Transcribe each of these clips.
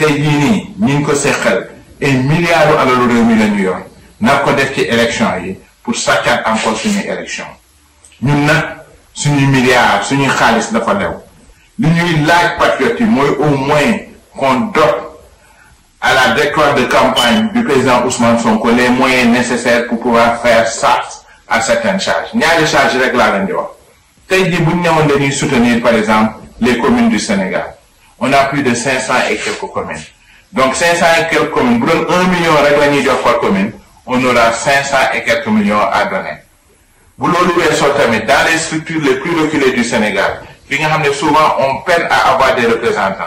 tey jii nii ñu ngi ko seqal ay milliards alalu réew mi la ñu yor nag ko def ci élection yi pour sàccaat encore suñuy élection ñun nag suñu milliards suñu xaalis dafa lew li ñuy laaj patriote yi mooy au moins qu'on donne à la victoire de campagne du président Ousmane Sonko les moyens nécessaires pour pouvoir faire face à certaines charges ñaari charges rek laa leen di wax tey jii bu ñu dañuy soutenir par exemple les communes du Sénégal on a plus de 500 et quelques communes. Donc 500 et quelques communes, pour 1 million de la de commune on aura 500 et quelques millions à donner dans les structures les plus reculées du Sénégal souvent on peine à avoir des représentants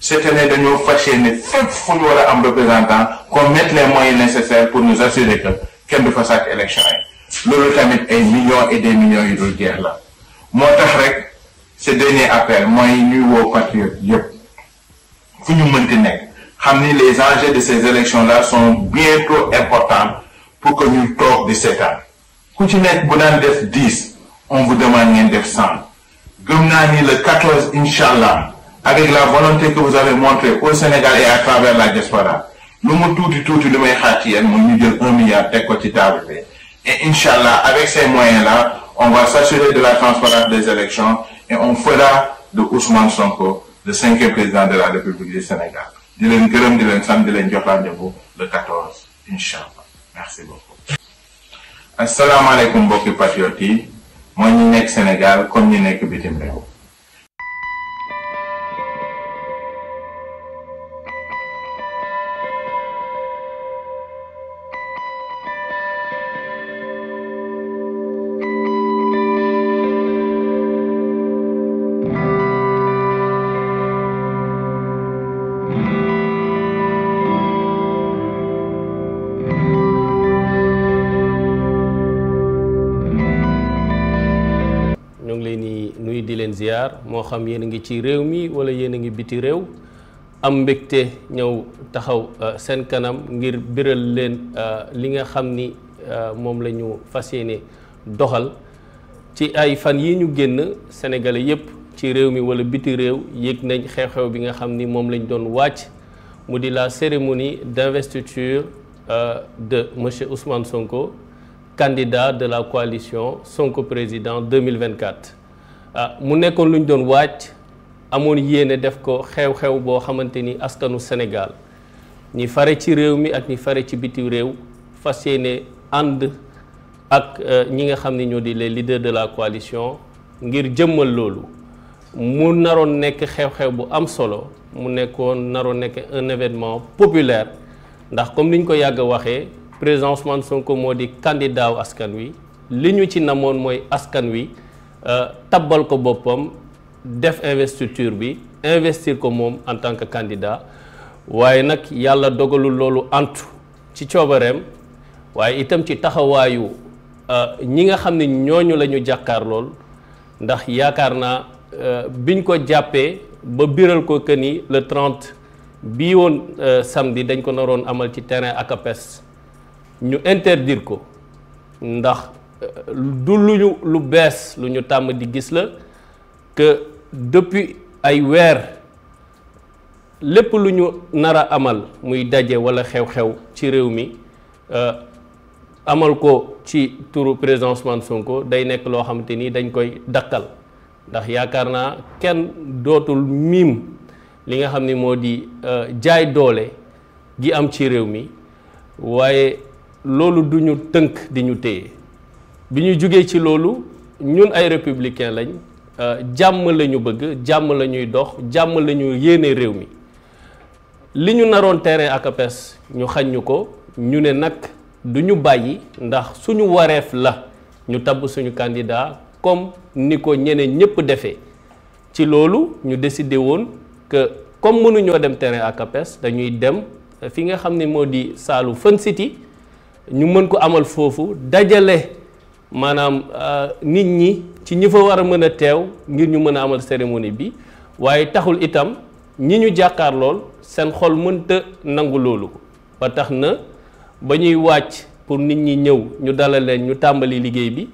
cest année de fas nous faisons fu ñu représentant qu'on mette les moyens nécessaires pour nous assurer que ne du pas sàkk élection yi est tamit million millions et des millions de guerres là. c'est dernier appel vous nous maintenez. les enjeux de ces élections là sont bien trop importants pour que nous toog de cette ku ci nekk on vous demande de def cent le 14, Inch'Allah, avec la volonté que vous avez montrée au Sénégal et à travers la diaspora Nous allons tout du tout may xaar nous milliard de quotidiens. et Inch'Allah, avec ces moyens là on va s'assurer de la transparence des élections et on fera de Ousmane Sonko le cinquième président de la République du Sénégal Je vous remercie, je vous remercie, le 14 une allah merci beaucoup. alaikum mbokki patriote Moi, mooy ñi au Sénégal comme ñi nekk au réew. xam yéen a ngi ci réew mi wala yéen a ngi biti réew am mbégte ñëw taxaw euh, seen kanam ngir biral leen euh, li nga xam ni euh, moom la ñu fas doxal ci ay fan yi ñu génn sénégalais yépp ci réew mi wala biti réew yëg nañ xew-xew bi nga xam ni moom lañ doon wàcc mu di la cérémonie d'investiture de monsieur Ousmane Sonko candidat de la coalition Sonko président 2024 ah, mu nekkoon lu ñu doon waaj amoon yéene def ko xew-xew boo xamante ni askanu Sénégal ñi fare ci réew mi ak ñi fare ci bitiw réew fas yéene ànd ak eh, ñi nga xam ne ñoo di les leaders de la coalition ngir jëmmal loolu mu naroon nekk xew-xew bu am solo mu nekkoon naroon nekk un événement populaire ndax comme niñ ko yàgg a waxee président Ousmane Sonko moo di candidat wu askan wi li ñu ci namoon mooy askan wi Euh, tabbal ko boppam def investiture bi investir ko moom en tant que candidat waaye nag yàlla dogalu loolu antu ci coobareem waaye itam ci taxawaayu euh, ñi nga xam ne ñooñu lañu ñu jàkkaar lool ndax yaakaar naa euh, biñ ko jàppee ba biral ko que ni le 30 bii woon samedi dañ ko naroon amal ci terrain pes ñu interdire ko ndax du lu ñu lu bees lu ñu tàmm di gis la que depuis ay weer lépp lu ñu nar a amal muy daje walla xew-xew ci réew mi euh, amal ko ci turu président Ousmane Sonko day nekk loo xamante ni dañ koy dakkal ndax yaakaar naa kenn dootul miim li nga xam ni moo di euh, jaay doole gi am ci réew mi waaye loolu du ñu tënk di ñu téye. bi ñu jógee ci loolu ñun ay républicain lañ euh, jàmm lañu bëgg jàmm la ñuy dox jàmm la yéene réew mi li ñu naroon terrain ak APES ñu xañ ko ñu ne nag du ñu bàyyi ndax suñu wareef la ñu tabb suñu candidat kom ni ko ñeneen ñëpp defee ci loolu ñu décidé woon que comme mënuñoo dem terrain ak APES dañuy dem fi nga xam ni moo di saalu Fun City ñu mën ko amal foofu dajale. maanaam euh, nit ñi ci ñi fa war a mën a teew ngir ñu mën a amal cérémonie bi waaye taxul itam ñi ñu jàkkaar lool seen xol mënta nangu loolu ba tax na ba ñuy wàcc pour nit ñi ñëw ñu dalal leen ñu tàmbali liggéey bi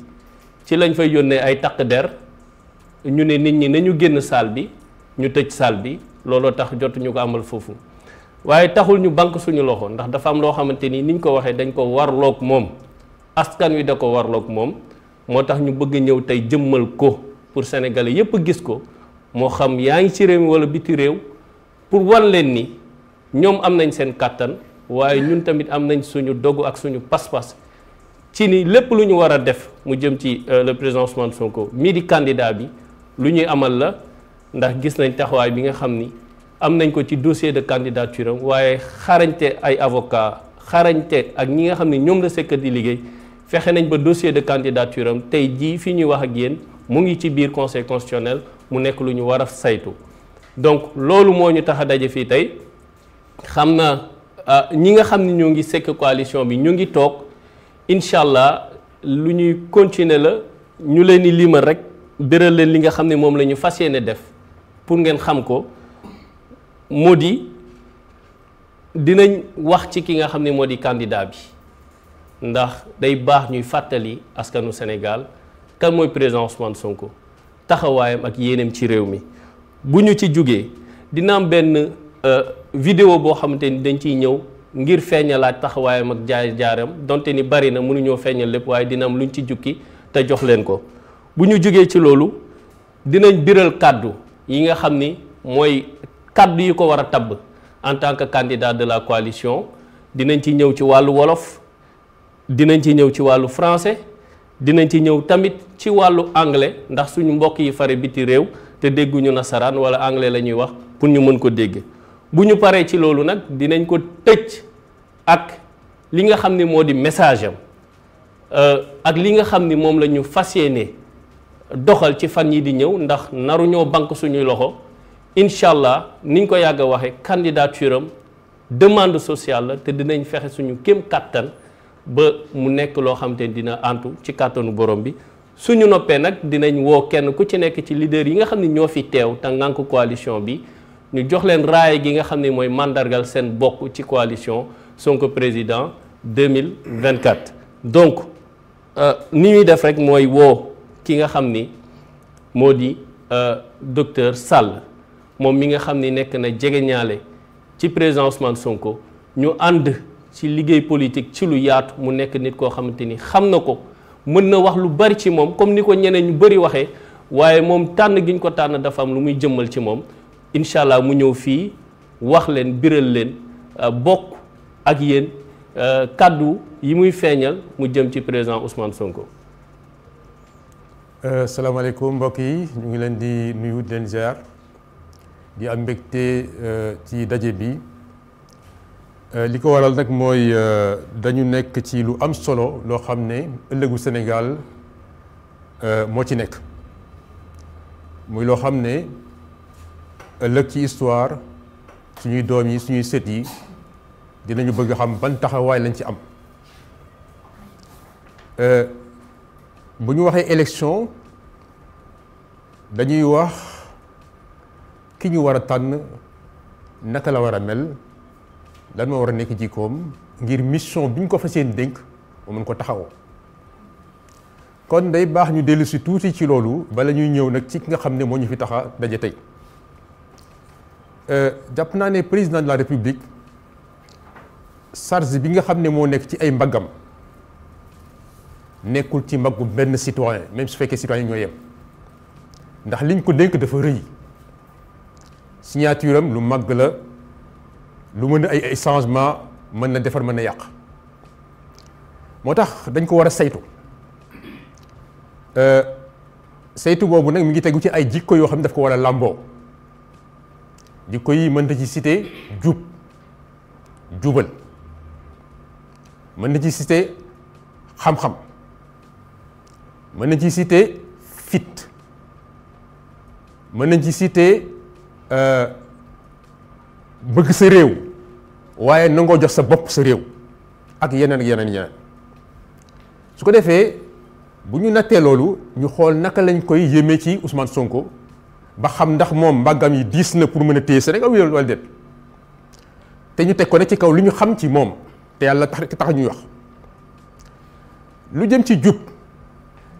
ci lañ fay yónnee ay takk der ñu ne nit ñi nañu génn salle bi ñu tëj salle bi looloo tax jotuñu ko amal foofu waaye taxul ñu banque suñu loxo ndax dafa am loo xamante ni niñ ko waxee dañ ko warloog moom askan wi da ko warloog moom moo tax ñu bëgg ñëw tey jëmmal ko pour sénégalais yépp gis ko moo xam yaa ngi ci réew mi wala biti réew pour wan leen ni ñoom am nañ seen kàttan waaye ñun tamit am nañ suñu dogu ak suñu pas-pas ci ni lépp lu ñu war a def mu jëm ci euh, le président Ousmane Sonko mii di candidat bi lu ñuy amal la ndax gis nañ taxawaay bi nga xam ni am nañ ko ci dossier de candidature am waaye xarañte ay avocat xarañte ak ñi nga xam ne ñoom la sekkat di liggéey fexé nañ ba dossier de candidature am tey jii fi ñuy wax ak yeen mu ngi ci biir conseil constitutionnel mu nekk lu ñu war a saytu donc loolu moo ñu tax a daje fii tey xam ah, ñi nga xam ne ngi sekk coalition bi ñu ngi toog incha lu ñuy continuer la ñu leen di limal rek dëral leen li nga xam ne moom la ñu def pour ngeen xam ko moo di dinañ wax ci ki nga xam ne di candidat bi ndax day baax ñuy fàttali askanu Sénégal kan mooy président Ousmane Sonko taxawaayam ak yéeneem ci réew mi bu ñu ci jugee dina am benn euh, vidéo boo xamante ni dañ ciy ñëw ngir feeñalaat taxawaayam ak jaay jaaram donte ni bari na mënuñoo feeñal lépp waaye dina am lu luñ ci jukki te jox leen ko bu ñu jugee ci loolu dinañ biral kàddu yi nga xam ni mooy kàddu yi ko war a tabb en tant que candidat de la coalition dinañ ci ñëw ci wàllu wolof dinañ ci ñëw ci wàllu français dinañ ci ñëw tamit ci wàllu anglais ndax suñu mbokk yi fare biti réew te dégguñu nasaraan wala anglais la ñuy wax pour ñu mën ko dégg bu ñu paree ci loolu nag dinañ ko tëj ak li nga xam ni moo di message am euh, ak li nga xam ni moom la ñu fas yéene doxal ci fan yi di ñëw ndax naru ñoo banque suñuy loxo incha allah niñ ko yàgg a waxe candidature am demande sociale la te dinañ fexe suñu kéem kattan ba mu nekk loo dina antu ci carton borom bi suñu noppé nak dinañ wo kenn ku ci nek ci leader yi nga xamni ne fi coalition bi ñu jox leen raay gi nga xamni moy mandargal sen bokku ci coalition Sonko président 2024. donc euh, ni ñuy def rek moy wo ki nga xamni ni euh docteur Sall mom mi nga xamni ni nekk na jegeñaale ci président Ousmane Sonko ñu and. ci liggéey politique ci lu yaatu mu nekk nit koo xamante ni xam na ko mën na wax lu bari ci moom comme ni ko ñeneen ñu bari waxee waaye moom tànn gi ñu ko tànn dafa am lu muy jëmmal ci moom incha allah mu ñëw fii wax leen biral leen euh, bokk ak yéen euh, kàddu yi muy feeñal mu jëm ci président Ousmane Sonko. Euh, salaamaaleykum mbokk yi ñu ngi leen di nuyu di leen ziar di am mbégte ci daje bi. Euh, li ko waral nag mooy euh, dañu nek ci lu am solo lo xam ne ëllëgu Sénégal euh, mo ci nek muy lo xam ne ci histoire suñuy doom yi suñuy sët yi dinañu bëgg xam ban taxaway lañ ci am euh buñu waxé élection dañuy wax ki ñu wara tann tànn naka la war mel lan mo war nek jikom ngir mission bi ko fas denk mo mu mën ko taxaw kon day bax ñu dellu ci touti ci lolu ba ñuy ñëw nak ci nga xamné ne ñu fi taxa daje tey euh, jàpp naa né président de la république charge bi nga xamné mo nek ci ay mbagam nekul ci mbaggu ben citoyen même su fekké citoyen ñoo yem ndax liñ ko denk dafa rëy signature lu màgg la. lu mën ay ay changement mën na defar mën na yàq moo tax dañ ko war a saytu euh, saytu boobu nag mu ngi tegu ci ay jikko yoo xam ne daf ko war a làmboo jikko yi mën na ci site jub jubal mën na ci site xam-xam mën na ci site fit mën na ci citer. Euh, bëgg sa réew waaye nangoo jox sa bopp sa réew ak yeneen yeneen yeneen su ko defee bu ñu nattee loolu ñu xool naka lañ koy yéeme ci usman Sonko ba xam ndax moom mbaggam yi diis na pour mën a téye Sénégal wala déet te ñu teg ko ci kaw li ñu xam ci moom te yàlla tax tax ñuy wax lu jëm ci jub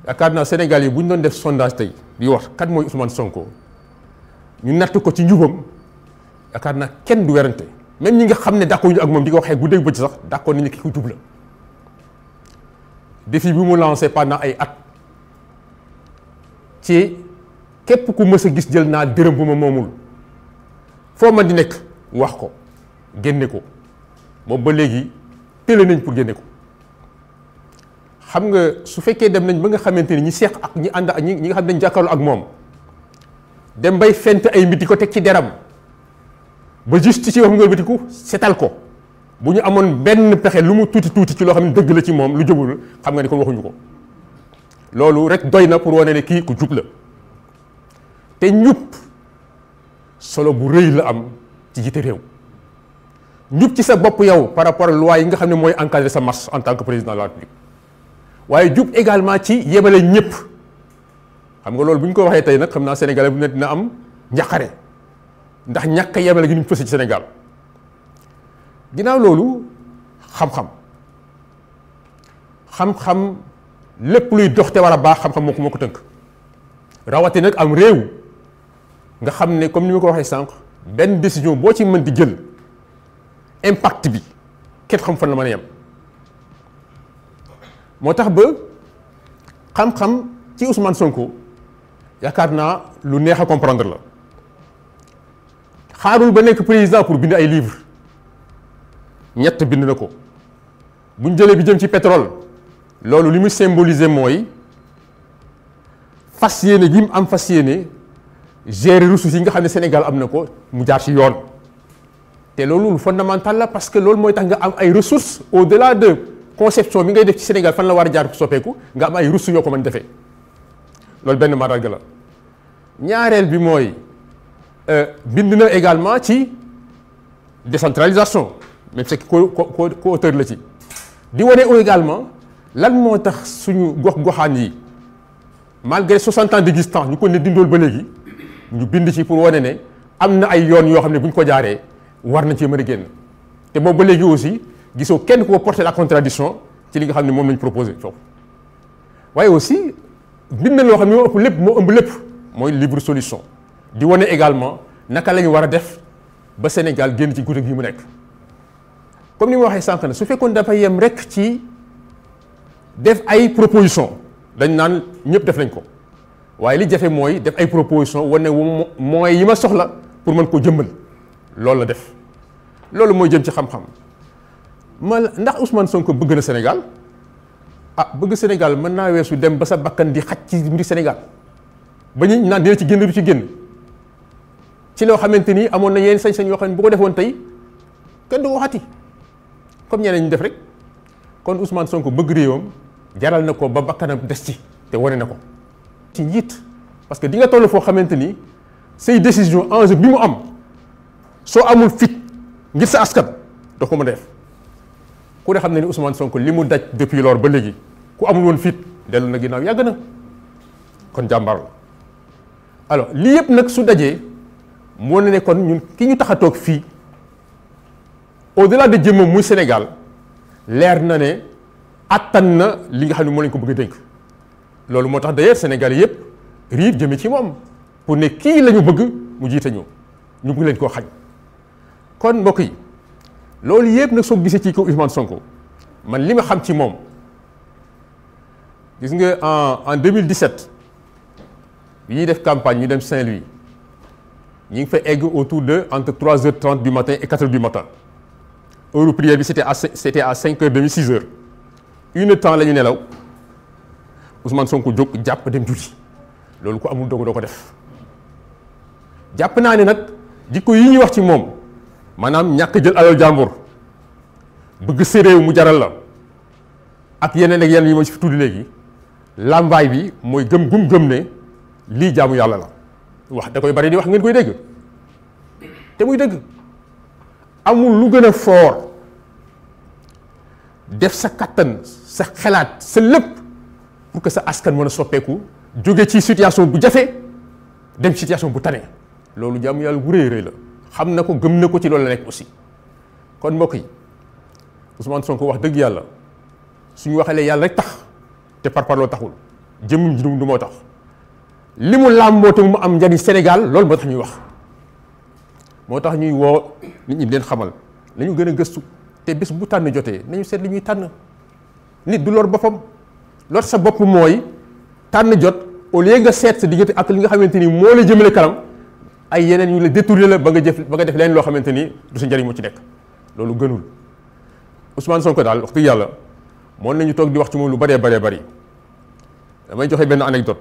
yaakaar naa Sénégal yi bu ñu doon def sondage tey di wax kat mooy usman Sonko ñu natt ko ci njubam. yaakaar naa kenn du werante même ñi nga xam ne d'accord ñu ak moom di ko waxee guddeeg bëcc sax d'accord nañu ki ku jub la bi mu lancé pendant ay at ci képp ku mës a gis jël naa dërëm bu ma moomul foo man di nekk wax ko génne ko moom ba léegi télé nañ pour génne ko xam nga su fekkee dem nañ ba nga xamante ni ñi seex ak ñi ànd ak ñi nga xam ne dañ ak moom dem bay fent ay mbir di ko teg ci deram ba justifié am nga batiku setal ko bu ñu amoon benn pexe lu mu tuuti tuuti ci loo xam ne dëgg la ci moom lu jubul xam nga ni kon waxuñu ko loolu rek doy na pour wane ne kii ku jub la te ñub solo bu rëy la am ci jiite réew ñub ci sa bopp yow par rapport ak loi yi nga xam ne mooy encadrer sa marche en tant que président de la République waaye jub également ci yebale ñëpp xam nga loolu bu ñu ko waxee tey nag xam naa sénégalais bu ne dina am njaqare ndax ñàkk a yemale gi ñu fësee ci Sénégal ginnaaw loolu xam-xam xam-xam lépp luy dox te war a baax xam-xam moo ko moo ko tënk rawati nag am réew nga xam ne comme ni ma ko waxee sànq benn décision boo ci mën di jël impact bi kenn xam fan la mën a yem moo tax ba xam-xam ci Ousmane Sonko yaakaar naa lu neex a comprendre la xaarul ba président pour bind ay livre ñett bind nako buñ jëlé bi jëm ci pétrole symboliser gi am gérer ressources yi nga Sénégal am nako mu jaar ci yoon fondamental la parce que loolu moy tax nga am ay ressources au-delà de conception mi ngay def ci Sénégal fan la war jaar jaar nga am ay ressources benn euh, bind na également ci décentralisation même c'est ko le auteur la ci di woné également lan suñu malgré 60 ans d'existence ñu ko né le ba nous ñu bind ci pour wane né amna ay yoon yo xamné buñ ko war génn ba aussi kenn ko porter la contradiction ci li nga xamné mom lañ aussi bind na libre solution di wane également naka lañu wara def ba Sénégal génn ci guddi gi mu nekk comme ni ma waxee sànq na su fekkoon dafa yem rek ci def ay proposition dañ naan ñëpp def nañ ko waaye li jafe mooy def ay proposition wane wu mooy yi ma soxla pour mën ko jëmmal loolu la def loolu mooy jëm ci xam-xam ma ndax Ousmane Sonko bëgg na Sénégal ah bëgg Sénégal mën naa weesu dem ba sa bakkan di xaj ci mbiri Sénégal ba ñu naan dina ci génn du ci génn ci loo xamante ni amoon na yenn sañ-sañ yoo xam ne bu ko defoon tay kenn du waxati comme ñeneen ñu def rek kon Ousmane Sonko bëgg réewam jaral na ko ba bakkanam des ci te wane na ko. ci njiit parce que di nga toll foo xamante ni say décision enjeu bi mu am soo amul fit ngir sa askan doo ko ma def ku ne xam ne ni Ousmane Sonko li mu daj depuis lors ba léegi ku amul woon fit dellu na ginnaaw yàgg na kon jàmbaar la alors lii yëpp nag su dajee. moo ne kon ñun ki ñu tax a toog fii au-delà de jëmmam muy Sénégal leer na ne attan na li nga xam ne moo lañ ko bëgg a dénk loolu moo tax d'ailleurs Sénégal yëpp riir jëme ci moom pour ne kii la ñu bëgg mu jiite ñu ñu bëgg leen koo xañ kon mbokk yi loolu yëpp nag soo gisee ci kaw Ousmane Sonko man li ma xam ci moom gis nga en en 2017 bi ñuy def campagne ñu dem Saint-Louis. Nous avons fait autour de entre 3h30 du matin et 4h du matin heure prière c'était à 5h30 6h une temps la ñu nelaw Ousmane Sonko dem ko amul def de wax ci jël bëgg de mu jaral la ak yeneen ak yeneen yi ma ci tudd léegi bi mooy gëm gum gëm ne lii jaamu yàlla la wax da koy bari di wax ngeen koy dégg te muy dëgg amul lu gën a foor def sa kattan sa xalaat sa lëpp pour que sa askan mën soppeeku jóge ci situation bu jafe dem situation bu tane loolu jaamu yàlla bu rëy la xam na ko gëm na ko ci loolu la nekk aussi kon mbokk yi soo ko wax dëgg yàlla suñu waxalee yàlla rek tax te par parloo taxul jëmm ji du moo tax li mu làmbootu mu am njariñ Sénégal loolu moo tax ñuy wax moo tax ñuy woo nit ñi leen xamal lañu gën a gëstu te bés bu tànn jotee nañu seet li ñuy tànn nit du lor boppam lor sa bopp mooy tànn jot au lieu nga seet sa diggante ak li nga xamante ni moo la jëmale kanam ay yeneen yu la détourné la ba nga jëf ba nga def leen loo xamante ni du sa njariñ moo ci nekk loolu gënul Ousmane Sonko daal wax dëgg yàlla moon nañu toog di wax ci moom lu bëree bëree bari damay joxe benn anecdote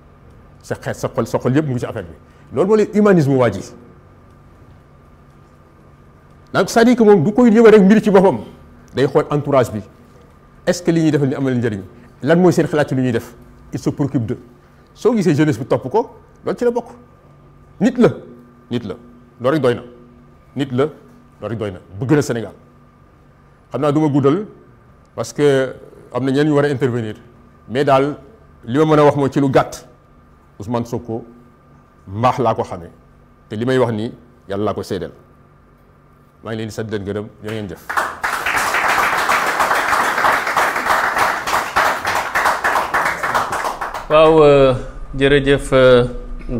sa xeet sa xol sa xol yëpp mu ngi ci affaire bi loolu moo leen humanisme waa ji donc c'est-à-dire que moom du koy ñëwee rek mbir ci boppam day xool entourage bi est-ce que li ñuy defal ni am na njëriñ lan mooy seen xalaat ci li ñuy def il se préoccupe de soo gisee jeunesse bi topp ko loolu ci la bokk nit la nit la loolu rek doy na nit la loolu rek doy na bëgg na Sénégal xam naa du ma guddal parce que am na ñenn ñu war a intervenir mais daal li ma mën a wax mooy ci lu gàtt Ousmane Sonko mbaax laa ko xamee te li may wax nii yàlla laa ko seedeel maa ngi leen di sant leen gërëm ñoo ngeen jëf waaw euh, jërëjëf euh,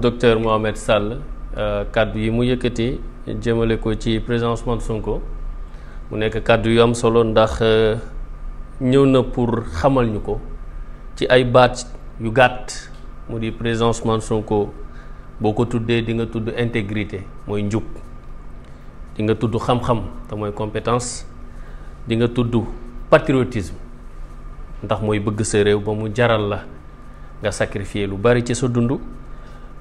docteur Mohamed Sall euh, kàddu yi mu yëkkati jëmale ko ci président Ousmane Sonko mu nekk kàddu yu am solo ndax ñëw na pour xamal ñu ko ci ay baat yu gàtt mu di président Ousmane Sonko boo ko tuddee dinga tudd intégrité mooy njub di nga tudd xam-xam te mooy compétence dinga nga tudd patriotisme ndax mooy bëgg sa réew ba mu jaral la nga sacrifier lu bari ci sa dund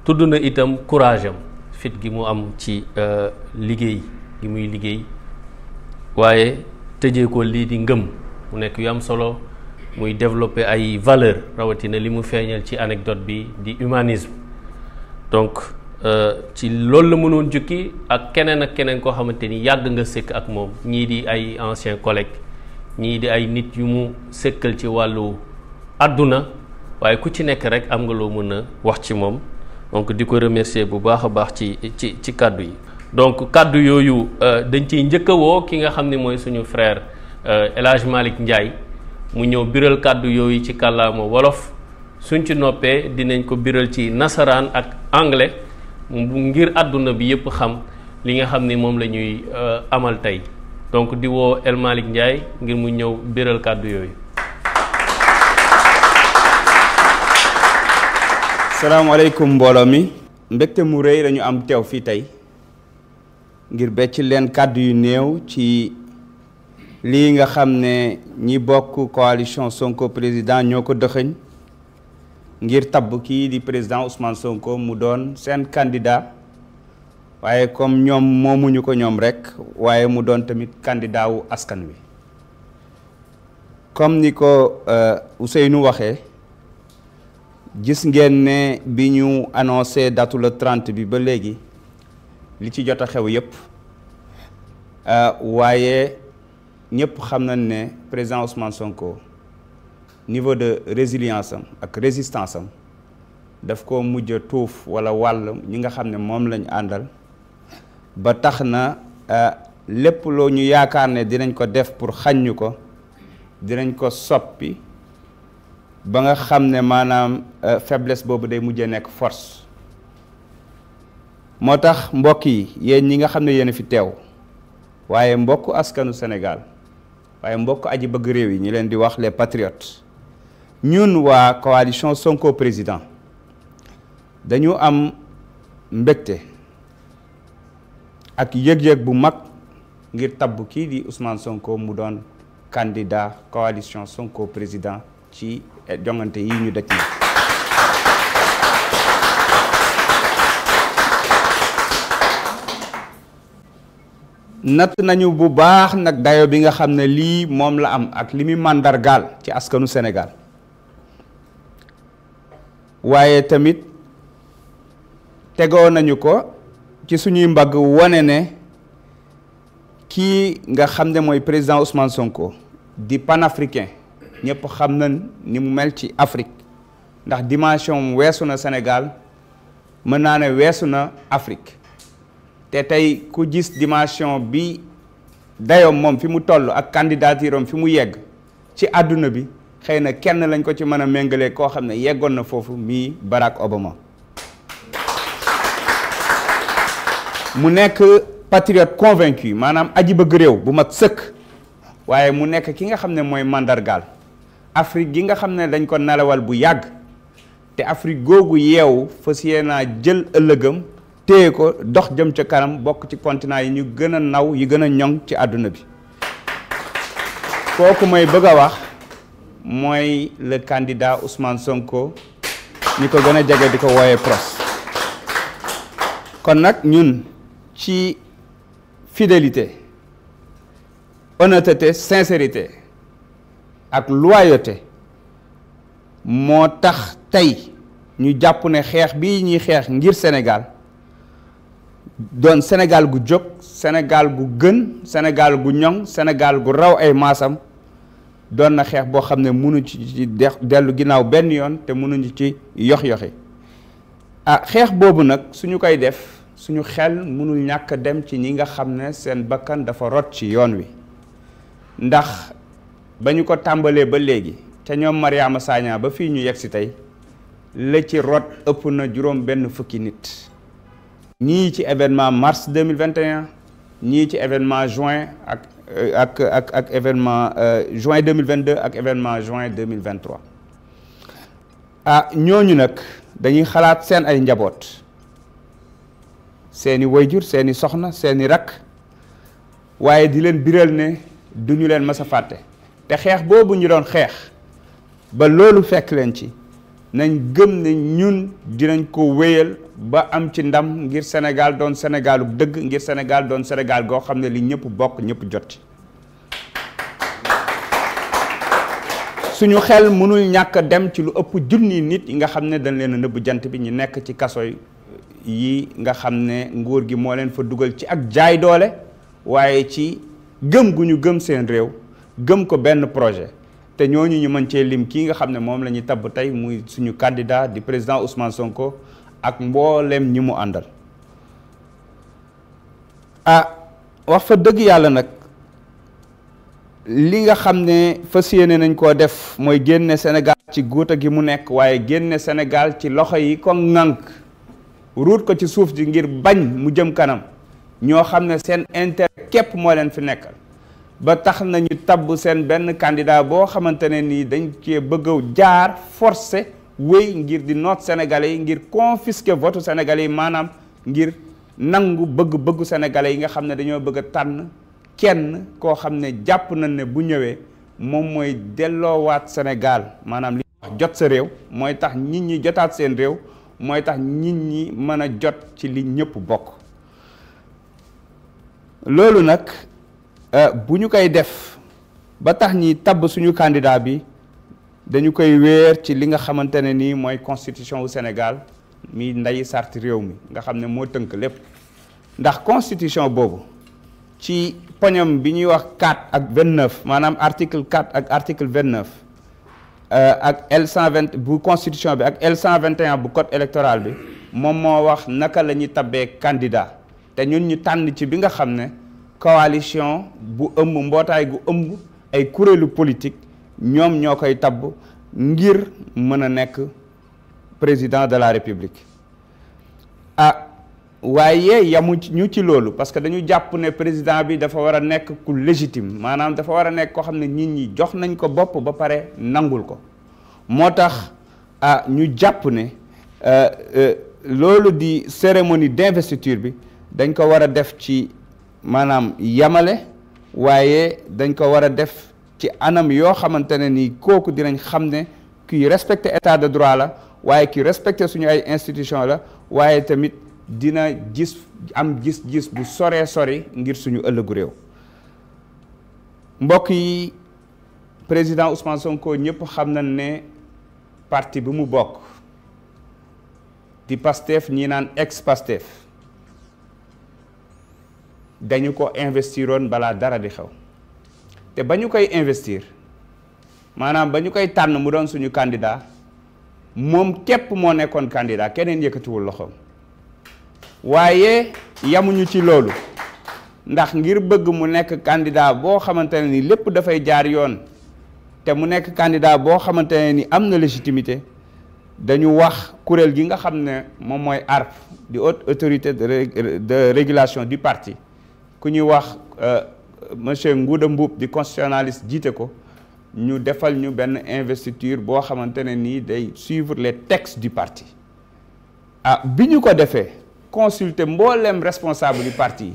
tudd na itam courage fit gi mu am ci euh, liggéey gi muy liggéey waaye tëjee ko lii di ngëm mu nekk yu am solo muy développer ay valeur rawatina li mu feeñal ci anecdote bi di humanisme donc euh, ci loolu la mënoon jukki ak keneen ak keneen koo xamante ni yàgg nga sëkk ak moom ñii di ay ancien collègue ñii di ay nit yu mu sëkkal ci wàllu àdduna waaye ku ci nekk rek am nga loo mën a wax ci moom donc di ko remercier bu baax a baax ci ci ci kàddu yi donc kàddu yooyu euh, dañ ciy njëkk a woo ki nga xam ni mooy suñu frère euh, El Hadj Malick Ndiaye mu ñëw biral kàddu yooyu ci kàllaama wolof suñ ci noppee dinañ ko biral ci nasaraan ak anglais ngir àdduna bi yépp xam li nga xam ni moom lañuy ñuy euh, amal tey donc di woo El Malick ngir mu ñëw biral kàddu yooyu salaamaaleykum mbooloo mi mbégte mu rëy lañu am teew fii tey ngir becc leen kàddu yu néew ci lii nga xam ne ñi bokk coalition Sonko président ñoo ko dëxëñ ngir tabb kii di président Ousmane Sonko mu doon seen candidat waaye comme ñoom moomuñu ko ñoom rekk waaye mu doon tamit candidat askan wi comme ni ko euh, use nu waxee gis ngeen ne bi ñu annoncé datu le 30 bi ba léegi li ci jot a xew yépp euh, waaye ñëpp xam nañ ne président Ousmane Sonko niveau de résilience am ak résistance Nous daf ko mujj a wala wàll ñi nga xam ne moom ba tax na euh, lépp loo dinañ ko def pour ko dinañ ko soppi ba nga xam ne euh, faiblesse boobu day nous nekk force moo mbokk yi yéen ñi nga fi Sénégal waaye mbokk aji bëgg réew yi ñu leen di wax les patriotes ñun waa coalition Sonko président dañu am mbégte ak yëg-yëg bu mag ngir tabb kii di Ousmane Sonko mu doon candidat coalition Sonko président ci jongante yi ñu dëkk natt nañu bu baax nag dayo bi nga xam ne lii moom la am ak li muy màndargaal ci askanu Sénégal waaye tamit tegoo nañu ko ci suñuy mbagg wane ne kii nga xam ne mooy président Ousmane Sonko di panafricain ñépp xam nañ ni mu mel ci Afrique ndax dimension weesu na Sénégal mën naa ne weesu na Afrique te tey ku gis dimension bi dayoom moom fi mu toll ak candidature fi mu yegg ci àdduna bi xëy na kenn lañ ko ci mën a méngalee koo xam ne yeggoon na foofu mii Barack Obama mu nekk patriote convaincu maanaam aji bëgg réew bu mat sëkk waaye mu nekk ki nga xam ne mooy mandargaal Afrique gi nga xam ne dañ ko nalawal bu yàgg te Afrique googu yeewu fas yéenaa jël ëllëgam téye ko dox jëm ca kanam bokk ci continent yi ñu gën a naw yi gën a ñoŋ ci àdduna bi foo ko may bëgg a wax mooy le kandidaa Ousmane Sonko ñi ko gën a jege di ko wooyee PROS kon nag ñun ci fidélité honnêteté sincérité ak loyauté moo tax tey ñu jàpp ne xeex bii ñuy xeex ngir Sénégal doon senegaal gu jóg senegaal gu gën senegaal gu ñoŋ senegaal gu raw ay maasam doon na xeex boo xam ne mënu ci dellu ginnaaw benn yoon te mënuñu ci yox-yoxi a ah, xeex boobu nag suñu koy def suñu xel mënul ñàkk dem ci ñi nga xam ne seen bakkan dafa rot ci yoon wi ndax ba ñu ko tàmbalee ba léegi te ñoom Mariama saañaa ba fii ñu yegg si tey la ci rot ëpp na juróom benn fukki nit Ni ci événement mars 2021 ni ci événement juin ak euh, ak ak ak événement euh, juin 2022 ak événement juin 2023 a ah, ñooñu nak dañuy xalaat seen ay njaboot seeni wayjur seeni soxna seeni rak waaye di leen biral ne duñu ñu leen mës a fàtte te xeex boobu ñu doon xeex ba loolu fekk leen ci nañ gëm ne ñun dinañ ko wéyal ba am ci ndam ngir Sénégal doon Sénégalu dëgg ngir Sénégal doon Sénégal goo xam ne li ñëpp bokk ñëpp jot suñu xel mënul ñàkk dem ci lu ëpp junni nit yi nga xam ne dañ leen a nëbb jant bi ñu nekk ci kaso yi nga xam ne nguur gi moo leen fa dugal ci ak jaay doole waaye ci gëm gu ñu gëm seen réew gëm ko benn projet te ñooñu ñu mën cee lim kii nga xam ne moom la ñu tabb tey muy suñu candidat di président Ousmane Sonko ak mboolem ñi mu àndal ah wax fa dëgg yàlla nag li nga xam ne fas yéene nañ koo def mooy génne Sénégal ci guuta gi mu nekk waaye génne Sénégal ci loxo yi ko nank ruut ko ci suuf ji ngir bañ mu jëm kanam ñoo xam ne seen intérêt képp moo leen fi nekkal ba tax nañu tabb seen benn candidat boo xamante ne nii dañ cee bëgg jaar forcé wéy ngir di noot sénégalais yi ngir confisquer votu sénégalais yi maanaam ngir nangu bëgg-bëggu sénégalais yi nga xam ne dañoo bëgg a tànn kenn koo xam ne jàpp nañ ne bu ñëwee moom mooy delloowaat Sénégal maanaam li jot sa réew mooy tax nit ñi jotaat seen réew mooy tax nit ñi mën a jot ci li ñëpp bokk loolu nag euh, bu ñu koy def ba tax ñi tabb suñu candidat bi dañu koy la ci li nga constitution au Sénégal mi ndayi sart réew nga xamné mo ndax constitution bobu ci poñam biñuy wax 4 ak 29 manam article 4 ak article 29 euh, ak L 120 bu constitution bi ak L 121 bu code électoral bi mom nous wax naka la candidat té ñun ñu ci bi nga coalition bu ëmb mbotay gu ëmb ay politique ñoom ñoo koy tabb ngir mën a nekk président de la république ah waaye yamu ñu ci loolu parce que dañu jàpp ne président bi dafa war a nekk ku légitime maanaam dafa war a nekk koo xam ne nit ñi jox nañ ko bopp ba pare nangul ko moo tax ah ñu jàpp ne euh, euh, loolu di cérémonie d'investiture bi dañ ko war a def ci maanaam yamale waaye dañ ko war a def ci anam yoo xamante ne nii kooku dinañ xam ne kiy respecté état de droit la waaye ki respecté suñu ay institution la waaye tamit dina gis am gis-gis bu soree sori ngir suñu ëllëgu réew mbokk yi président Ousmane Sonko ñëpp xam nañ ne parti bi mu bokk di Pastef ñi naan ex Pastef dañu ko investiroon balaa dara di xew te ba ñu koy investir maanaam ba ñu koy tànn mu doon suñu candidat moom képp moo nekkoon candidat keneen yëkkatiwul loxoom waaye yamuñu ci loolu ndax ngir bëgg mu nekk candidat boo xamante ni lépp dafay jaar yoon te mu nekk candidat boo xamante ne ni am na légitimité dañu wax kuréel gi nga xam ne moom mooy ARP di haute autorité de régulation du parti ku ñuy wax euh, monsieur Ngouda Mboup di constitutionnaliste dit ko ñu defal ñu benn investiture pour xamante suivre les textes du parti ah bi ñu ko defee consulter mbooleem responsable du parti yi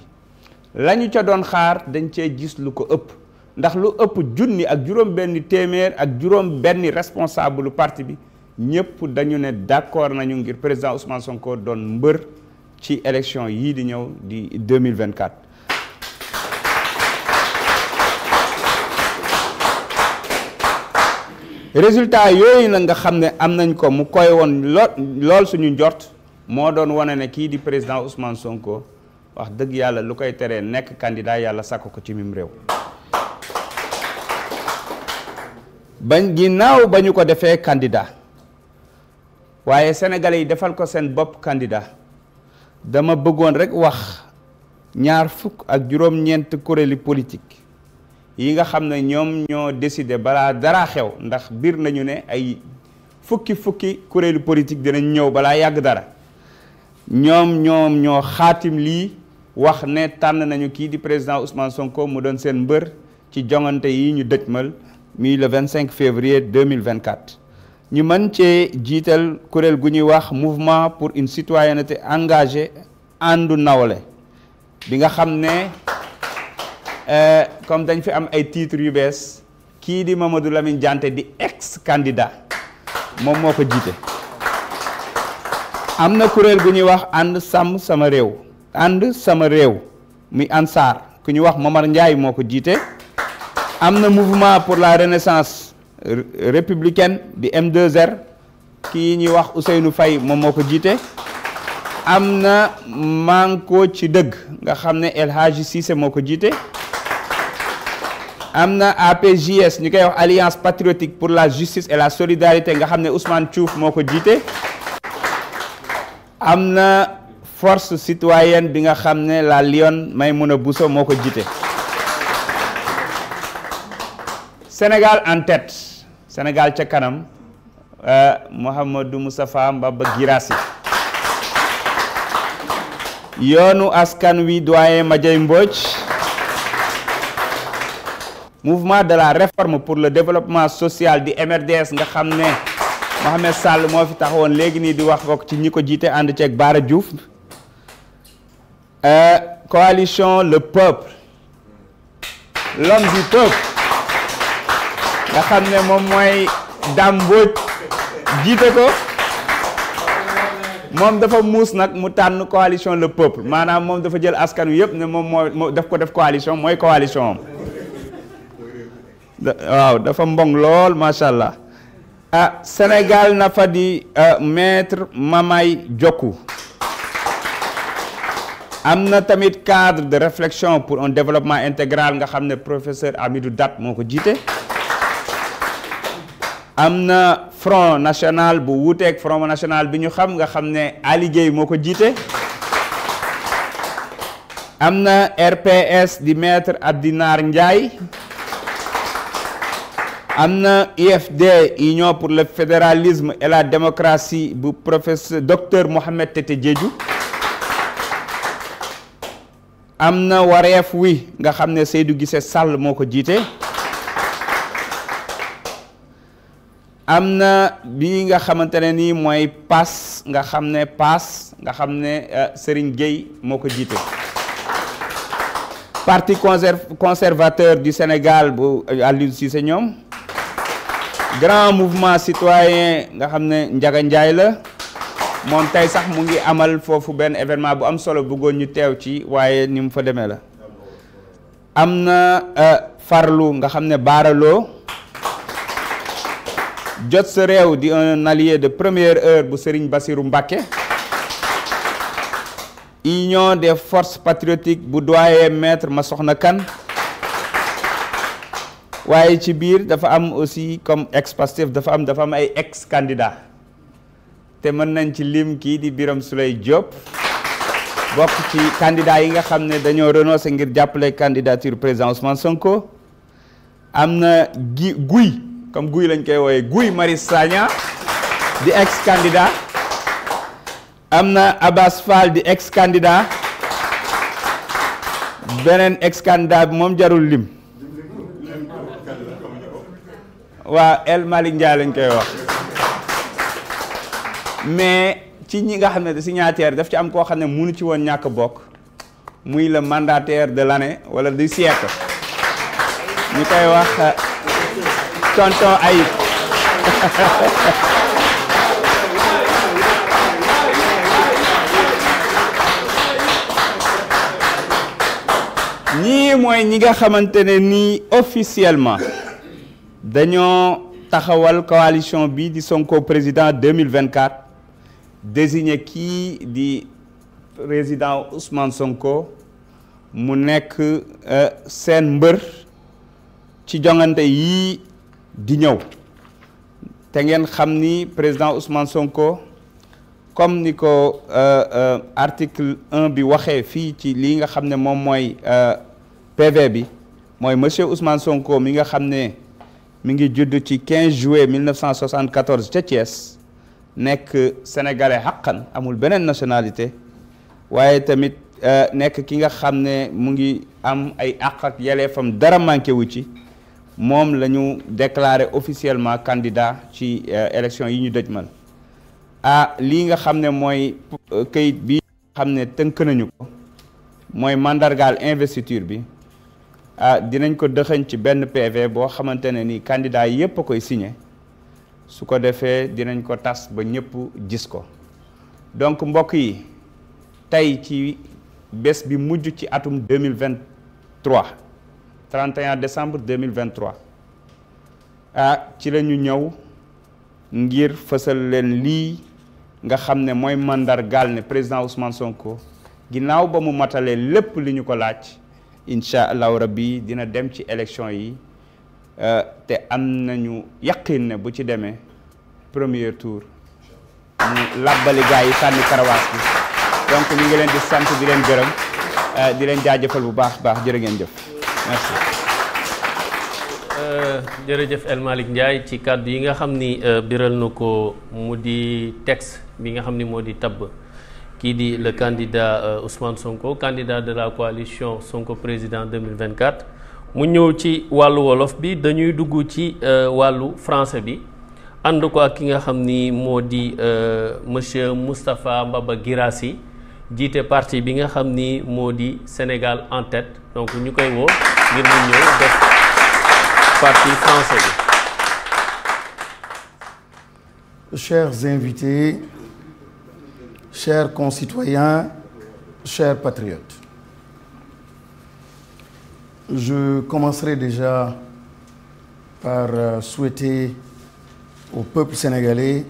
la ñu ca doon xaar dañ cee gis lu ko ëpp ndax lu ëpp junni ak nous avons téeméer ak juróom benn responsable du parti bi ñëpp dañu ne d'accord nañu ngir président Ousmane Sonko doon mbër ci élection yii di ñëw di 2024 résultat yooyu nag nga xam ne am nañ ko mu koy woon lool lool suñu njort moo doon wane ne kii di président Ousmane Sonko wax dëgg yàlla lu koy teree nekk candidat yàlla sàkk ko ci mim réew ba ginnaaw ba ñu ko defee candidat waaye senegal yi defal ko seen bopp candidat dama bëggoon rekk wax ñaar fukk ak juróom-ñeent kuréeli politique yi nga xam ne ñoom ñoo décidé balaa dara xew ndax biir nañu ne ay fukki fukki kuréelu politique dinañ ñëw balaa yàgg dara ñoom ñoom ñoo xaatim lii wax ne tànn nañu kii di président Ousmane Sonko mu doon seen mbër ci jongante yi ñu dëjmal mi le 25 février 2024. ñu mën cee jiital kuréel gu ñuy wax mouvement pour une citoyenneté engagée àndu nawle bi nga xam ne. Euh, comme dañ fi am ay titre yu bees kii di Mamadou Lamine Diante di ex candidat moom moo ko jiite am na kuréel gu ñuy wax ànd sàmm sama réew ànd sama réew muy ANSAR ku ñuy wax Momar njaay moo ko jiite am na mouvement la renaissance républicaine di m 2 kii ñuy wax Ousseynou Faye moom moo ko jiite am na manko ci dëgg nga xam ne El Hadji Cissé moo ko jiite Amna APJS ñu koy wax alliance patriotique pour la justice et la solidarité nga xamné Ousmane Thiouf moko jité amna force citoyenne bi nga xamné la Lyon Maïmouna Bousso buso moko jiite Sénégal en tête Sénégal ci kanam euh, Mohamedou Moustapha Mbaba Girassi yoonu askan wi doyen Mbodj mouvement de la réforme pour le développement social du MRDS nga xam Mohamed Sall moo fi taxawoon léegi nii di wax bokk ci ñi ko euh, coalition le peuple l'homme du peuple nga xam ne moom mooy Dame Mbodj jiite ko Mom dafa muus nak mu tann coalition le peuple manam mom dafa jël askan wi yëpp ne moom moo daf ko def coalition moy coalition waaw dafa mbong lool macha allah ah Sénégal na fa di ah, maître Mamay joku am tamit cadre de réflexion pour un développement intégral nga xam ne professeur Amidou Dat moo ko jiite front national bu wuuteeg front national bi ñu xam nga Ali gay moo ko jiite RPS di maître Abdinar Ndiaye amna IFD e Union pour le fédéralisme et la démocratie bu professeur docteur Mohamed Tete Diédhiou amna na wi nga xamné ne Seydou Gissé Sall moko ko amna bi nga xamante ne nii mooy nga xamné ne nga xamné euh, Serigne Gueye moko ko parti conservateur du Sénégal bu euh, Aliou Cissé ñom grand mouvement citoyen nga xam ndiaga Njaga la mom tay sax mu ngi amal fofu ben événement bu am solo goñ ñu tew ci waye nim fa démé la amna euh farlu nga baralo jot se rew di un allié de première heure bu Serigne Bassirou Mbacké union des forces patriotiques bu doyé maître soxna kan waye ci biir dafa am aussi comme ex Pastef dafa am dafa am ay ex candidat té mën nañ ci lim ki di biram Souleye job bok ci candidat yi nga xamné singir dañoo renoncé ngir jàppale candidature président Ousmane Sonko am na gi comme guuy lañ koy woyé guuy Marie di ex candidat Amna na Abbas Fall di ex candidat benen ex candidat mom jarul lim wa El Malick ndia lañ koy wax mais ci ñi nga xamné signataire daf ci am ko xamné mënu ci won ñak bok muy le mandataire de l'année wala du siècle ñi koy wax tonto ay ñi moy ñi nga xamantene ni officiellement dañoo taxawal coalition bi di Sonko président 2024 désigné qui di président Ousmane Sonko mu nekk euh, seen dans ci jongante yii di ñëw Je ngeen président Ousmane Sonko comme ni ko euh, euh, article 1, bi waxé fi ci li nga xamné mom moy euh PV bi moy monsieur Ousmane Sonko mi nga xamné Mingi ngi judd ci 15 juillet 1974 ca Thiès nekk sénégalais haqan amul beneen nationalité waaye tamit euh, nekk ki nga xam ne mu ngi am ay àq ak yeleefam dara manqué wu ci moom la ñu déclaré officiellement candidat ci euh, élection yi ñu dëjmal ah lii nga xam ne mooy euh, bi xam ne tënk nañu ko mooy mandargaal investiture bi ah dinañ ko dëxëñ ci benn PV boo xamante ne ni candidat yépp a koy signé su ko defee dinañ ko tas ba ñëpp gis ko donc mbokk yi tey ci bés bi mujj ci atum 2023 31 décembre 2023 ah ci lañu ñëw ngir fësal leen lii nga xam ne mooy mandargaal ne président Ousmane Sonko ginnaaw ba mu matalee lépp li ñu ko laaj incha allahu rabbi dina dem ci élection yi euh, te am nañu yaqin ne bu ci demee premier tour mu làbbali gaa yi sànni karawaas bi donc ñu ngi leen di sant di leen gërëm euh, di leen jaajëfal bu baax baax jërë ngeen jëf merci. Euh, jërëjëf El Malick Ndiaye ci kàddu yi nga xam ni biral na ko mu di tex bi nga xam ni moo di tabb. qui dit le candidat euh, Ousmane Sonko candidat de la coalition Sonko président 2024 mu Wallou ci wàllu wolof bi dañuy dugg ci euh, français bi ànd ko ki nga euh, monsieur Moustapha Mbaba Girassi, jité parti bi nga xamni Sénégal en tête donc ñukay wo ngir mu def parti français Chers invités chers concitoyens, chers patriotes. Je commencerai déjà par euh, souhaiter au peuple sénégalais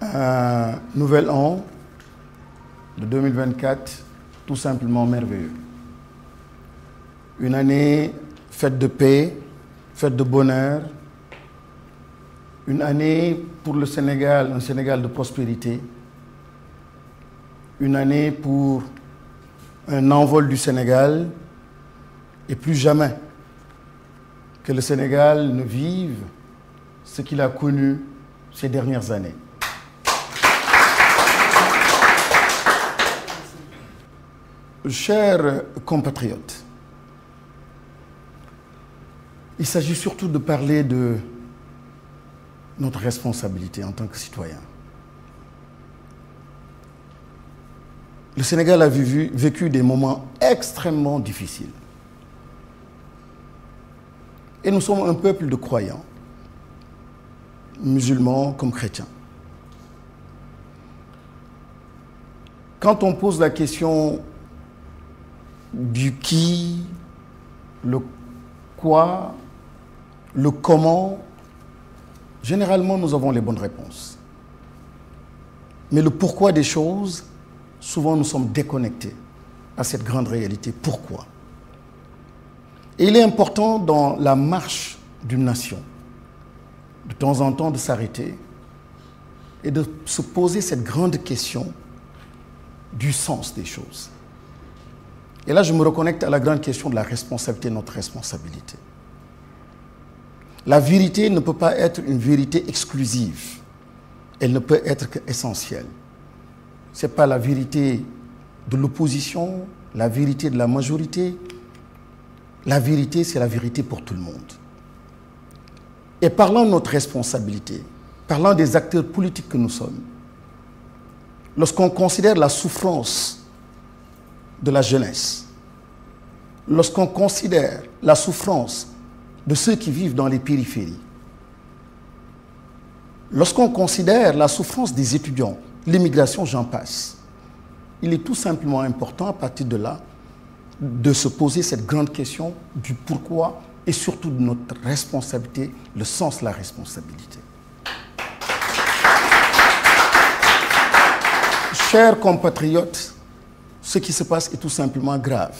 un nouvel an de 2024 tout simplement merveilleux. Une année faite de paix, faite de bonheur, une année pour le Sénégal, un Sénégal de prospérité. Une année pour un envol du Sénégal. Et plus jamais que le Sénégal ne vive ce qu'il a connu ces dernières années. Chers compatriotes, il s'agit surtout de parler de notre responsabilité en tant que citoyen. Le Sénégal a vécu, des moments extrêmement difficiles. Et nous sommes un peuple de croyants, musulmans comme chrétiens. Quand on pose la question du qui, le quoi, le comment, Généralement, nous avons les bonnes réponses. Mais le pourquoi des choses, souvent nous sommes déconnectés à cette grande réalité. Pourquoi Et il est important dans la marche d'une nation, de temps en temps, de s'arrêter et de se poser cette grande question du sens des choses. Et là, je me reconnecte à la grande question de la responsabilité, notre responsabilité. La vérité ne peut pas être une vérité exclusive. Elle ne peut être qu'essentielle. Ce n'est pas la vérité de l'opposition, la vérité de la majorité. La vérité, c'est la vérité pour tout le monde. Et parlant de notre responsabilité, parlant des acteurs politiques que nous sommes, lorsqu'on considère la souffrance de la jeunesse, lorsqu'on considère la souffrance de ceux qui vivent dans les périphéries. Lorsqu'on considère la souffrance des étudiants, l'immigration, j'en passe, il est tout simplement important à partir de là de se poser cette grande question du pourquoi et surtout de notre responsabilité, le sens de la responsabilité. Chers compatriotes, ce qui se passe est tout simplement grave.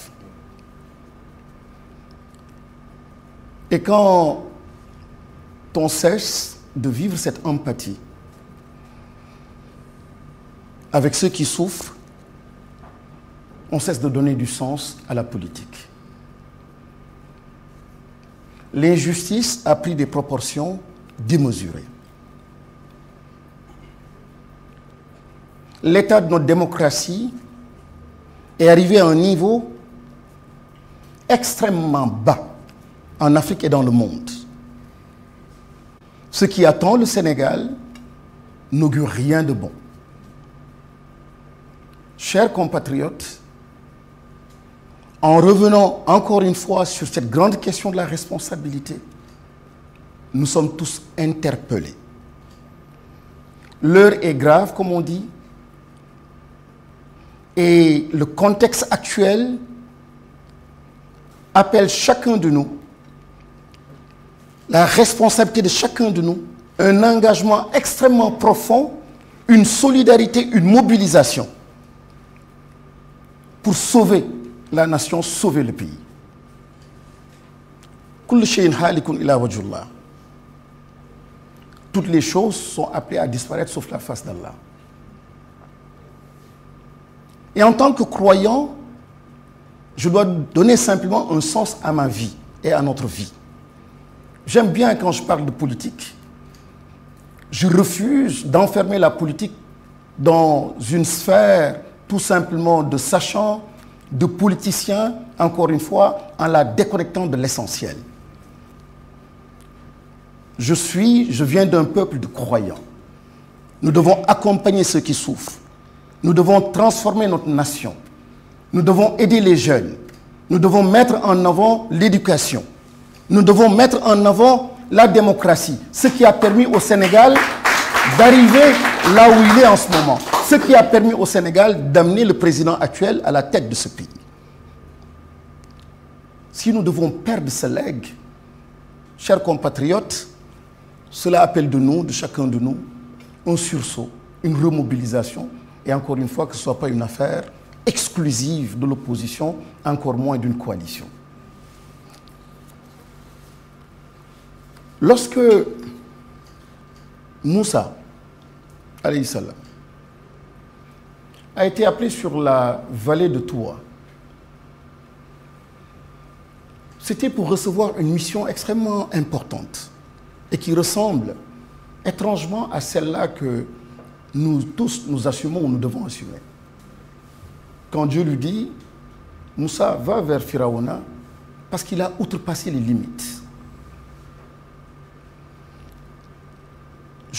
Et quand on cesse de vivre cette empathie avec ceux qui souffrent, on cesse de donner du sens à la politique. L'injustice a pris des proportions démesurées. L'état de notre démocratie est arrivé à un niveau extrêmement bas en Afrique et dans le monde. Ce qui attend le Sénégal n'augure rien de bon. Chers compatriotes, en revenant encore une fois sur cette grande question de la responsabilité, nous sommes tous interpellés. L'heure est grave, comme on dit, et le contexte actuel appelle chacun de nous la responsabilité de chacun de nous, un engagement extrêmement profond, une solidarité, une mobilisation pour sauver la nation, sauver le pays. Toutes les choses sont appelées à disparaître sauf la face d'Allah. Et en tant que croyant, je dois donner simplement un sens à ma vie et à notre vie. J'aime bien quand je parle de politique. Je refuse d'enfermer la politique dans une sphère tout simplement de sachants, de politiciens, encore une fois, en la déconnectant de l'essentiel. Je suis, je viens d'un peuple de croyants. Nous devons accompagner ceux qui souffrent. Nous devons transformer notre nation. Nous devons aider les jeunes. Nous devons mettre en avant l'éducation. Nous devons mettre en avant la démocratie, ce qui a permis au Sénégal d'arriver là où il est en ce moment, ce qui a permis au Sénégal d'amener le président actuel à la tête de ce pays. Si nous devons perdre ce legs, chers compatriotes, cela appelle de nous, de chacun de nous, un sursaut, une remobilisation, et encore une fois que ce ne soit pas une affaire exclusive de l'opposition, encore moins d'une coalition. Lorsque Moussa a été appelé sur la vallée de Toua, c'était pour recevoir une mission extrêmement importante et qui ressemble étrangement à celle-là que nous tous nous assumons ou nous devons assumer. Quand Dieu lui dit, Moussa va vers Firaouna parce qu'il a outrepassé les limites.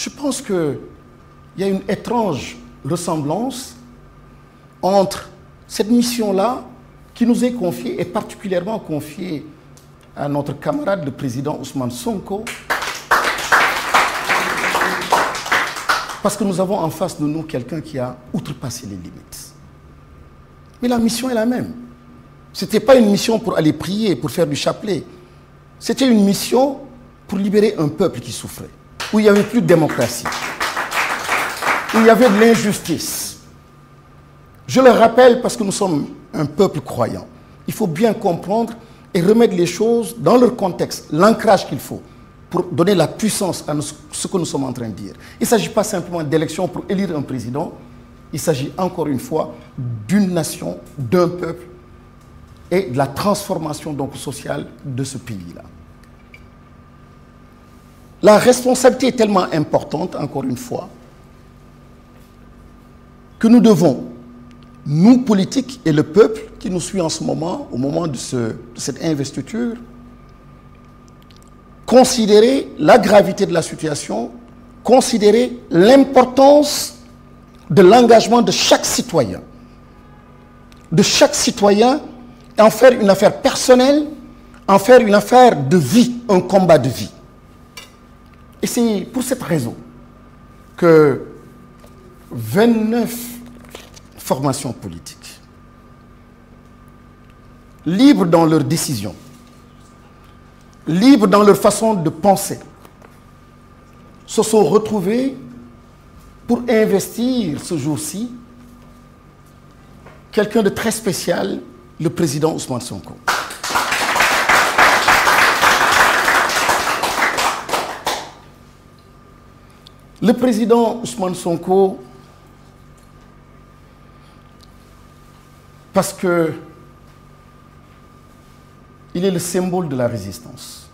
Je pense qu'il y a une étrange ressemblance entre cette mission-là qui nous est confiée, et particulièrement confiée à notre camarade le président Ousmane Sonko, parce que nous avons en face de nous quelqu'un qui a outrepassé les limites. Mais la mission est la même. Ce n'était pas une mission pour aller prier, pour faire du chapelet. C'était une mission pour libérer un peuple qui souffrait où il n'y avait plus de démocratie, où il y avait de l'injustice. Je le rappelle parce que nous sommes un peuple croyant. Il faut bien comprendre et remettre les choses dans leur contexte, l'ancrage qu'il faut pour donner la puissance à ce que nous sommes en train de dire. Il ne s'agit pas simplement d'élection pour élire un président, il s'agit encore une fois d'une nation, d'un peuple et de la transformation donc sociale de ce pays-là. La responsabilité est tellement importante, encore une fois, que nous devons, nous politiques et le peuple qui nous suit en ce moment, au moment de, cette investiture, considérer la gravité de la situation, considérer l'importance de l'engagement de chaque citoyen, de chaque citoyen, en faire une affaire personnelle, en faire une affaire de vie, un combat de vie. Et c'est pour cette raison que 29 formations politiques, libres dans leurs décisions, libres dans leur façon de penser, se sont retrouvées pour investir ce jour-ci quelqu'un de très spécial, le président Ousmane Sonko. Le président Ousmane Sonko, parce que il est le symbole de la résistance.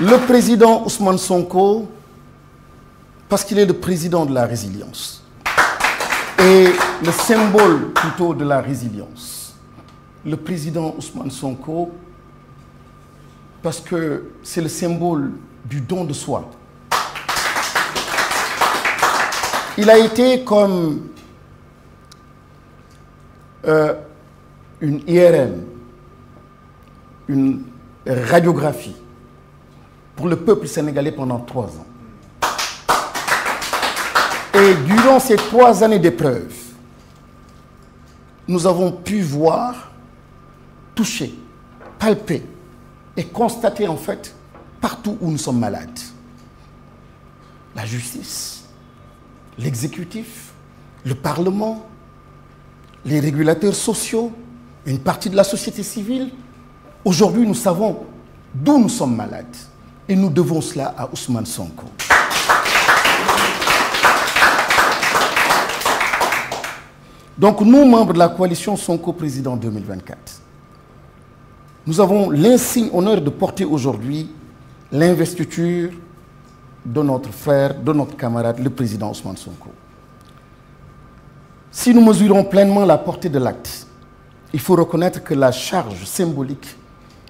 Le président Ousmane Sonko, parce qu'il est le président de la résilience. Et le symbole plutôt de la résilience. Le président Ousmane Sonko, parce que c'est le symbole du don de soi. Il a été comme euh, une IRM, une radiographie pour le peuple sénégalais pendant trois ans. Et durant ces trois années d'épreuve, nous avons pu voir, toucher, palper et constater en fait partout où nous sommes malades. La justice, l'exécutif, le Parlement, les régulateurs sociaux, une partie de la société civile. Aujourd'hui, nous savons d'où nous sommes malades et nous devons cela à Ousmane Sonko. Donc nous, membres de la coalition Sonko Président 2024, nous avons l'insigne honneur de porter aujourd'hui l'investiture de notre frère, de notre camarade, le président Ousmane Sonko. Si nous mesurons pleinement la portée de l'acte, il faut reconnaître que la charge symbolique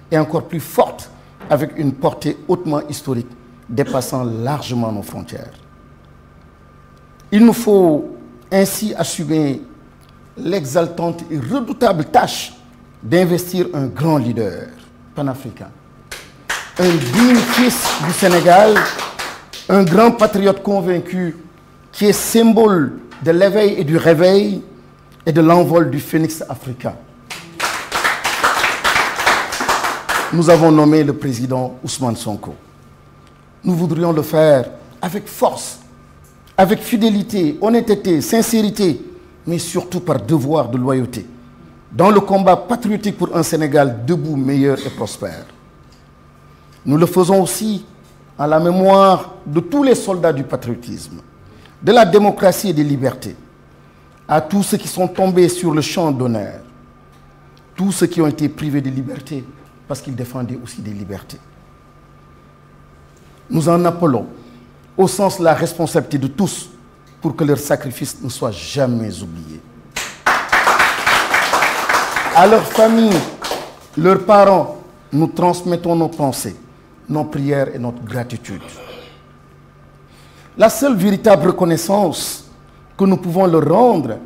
est encore plus forte avec une portée hautement historique dépassant largement nos frontières. Il nous faut ainsi assumer l'exaltante et redoutable tâche d'investir un grand leader panafricain un digne fils du Sénégal, un grand patriote convaincu qui est symbole de l'éveil et du réveil et de l'envol du phénix africain. Nous avons nommé le président Ousmane Sonko. Nous voudrions le faire avec force, avec fidélité, honnêteté, sincérité, mais surtout par devoir de loyauté, dans le combat patriotique pour un Sénégal debout, meilleur et prospère. Nous le faisons aussi à la mémoire de tous les soldats du patriotisme, de la démocratie et des libertés, à tous ceux qui sont tombés sur le champ d'honneur, tous ceux qui ont été privés de liberté parce qu'ils défendaient aussi des libertés. Nous en appelons au sens de la responsabilité de tous pour que leur sacrifice ne soit jamais oublié. À leurs familles, leurs parents, nous transmettons nos pensées nos prières et notre gratitude. La seule véritable reconnaissance que nous pouvons leur rendre,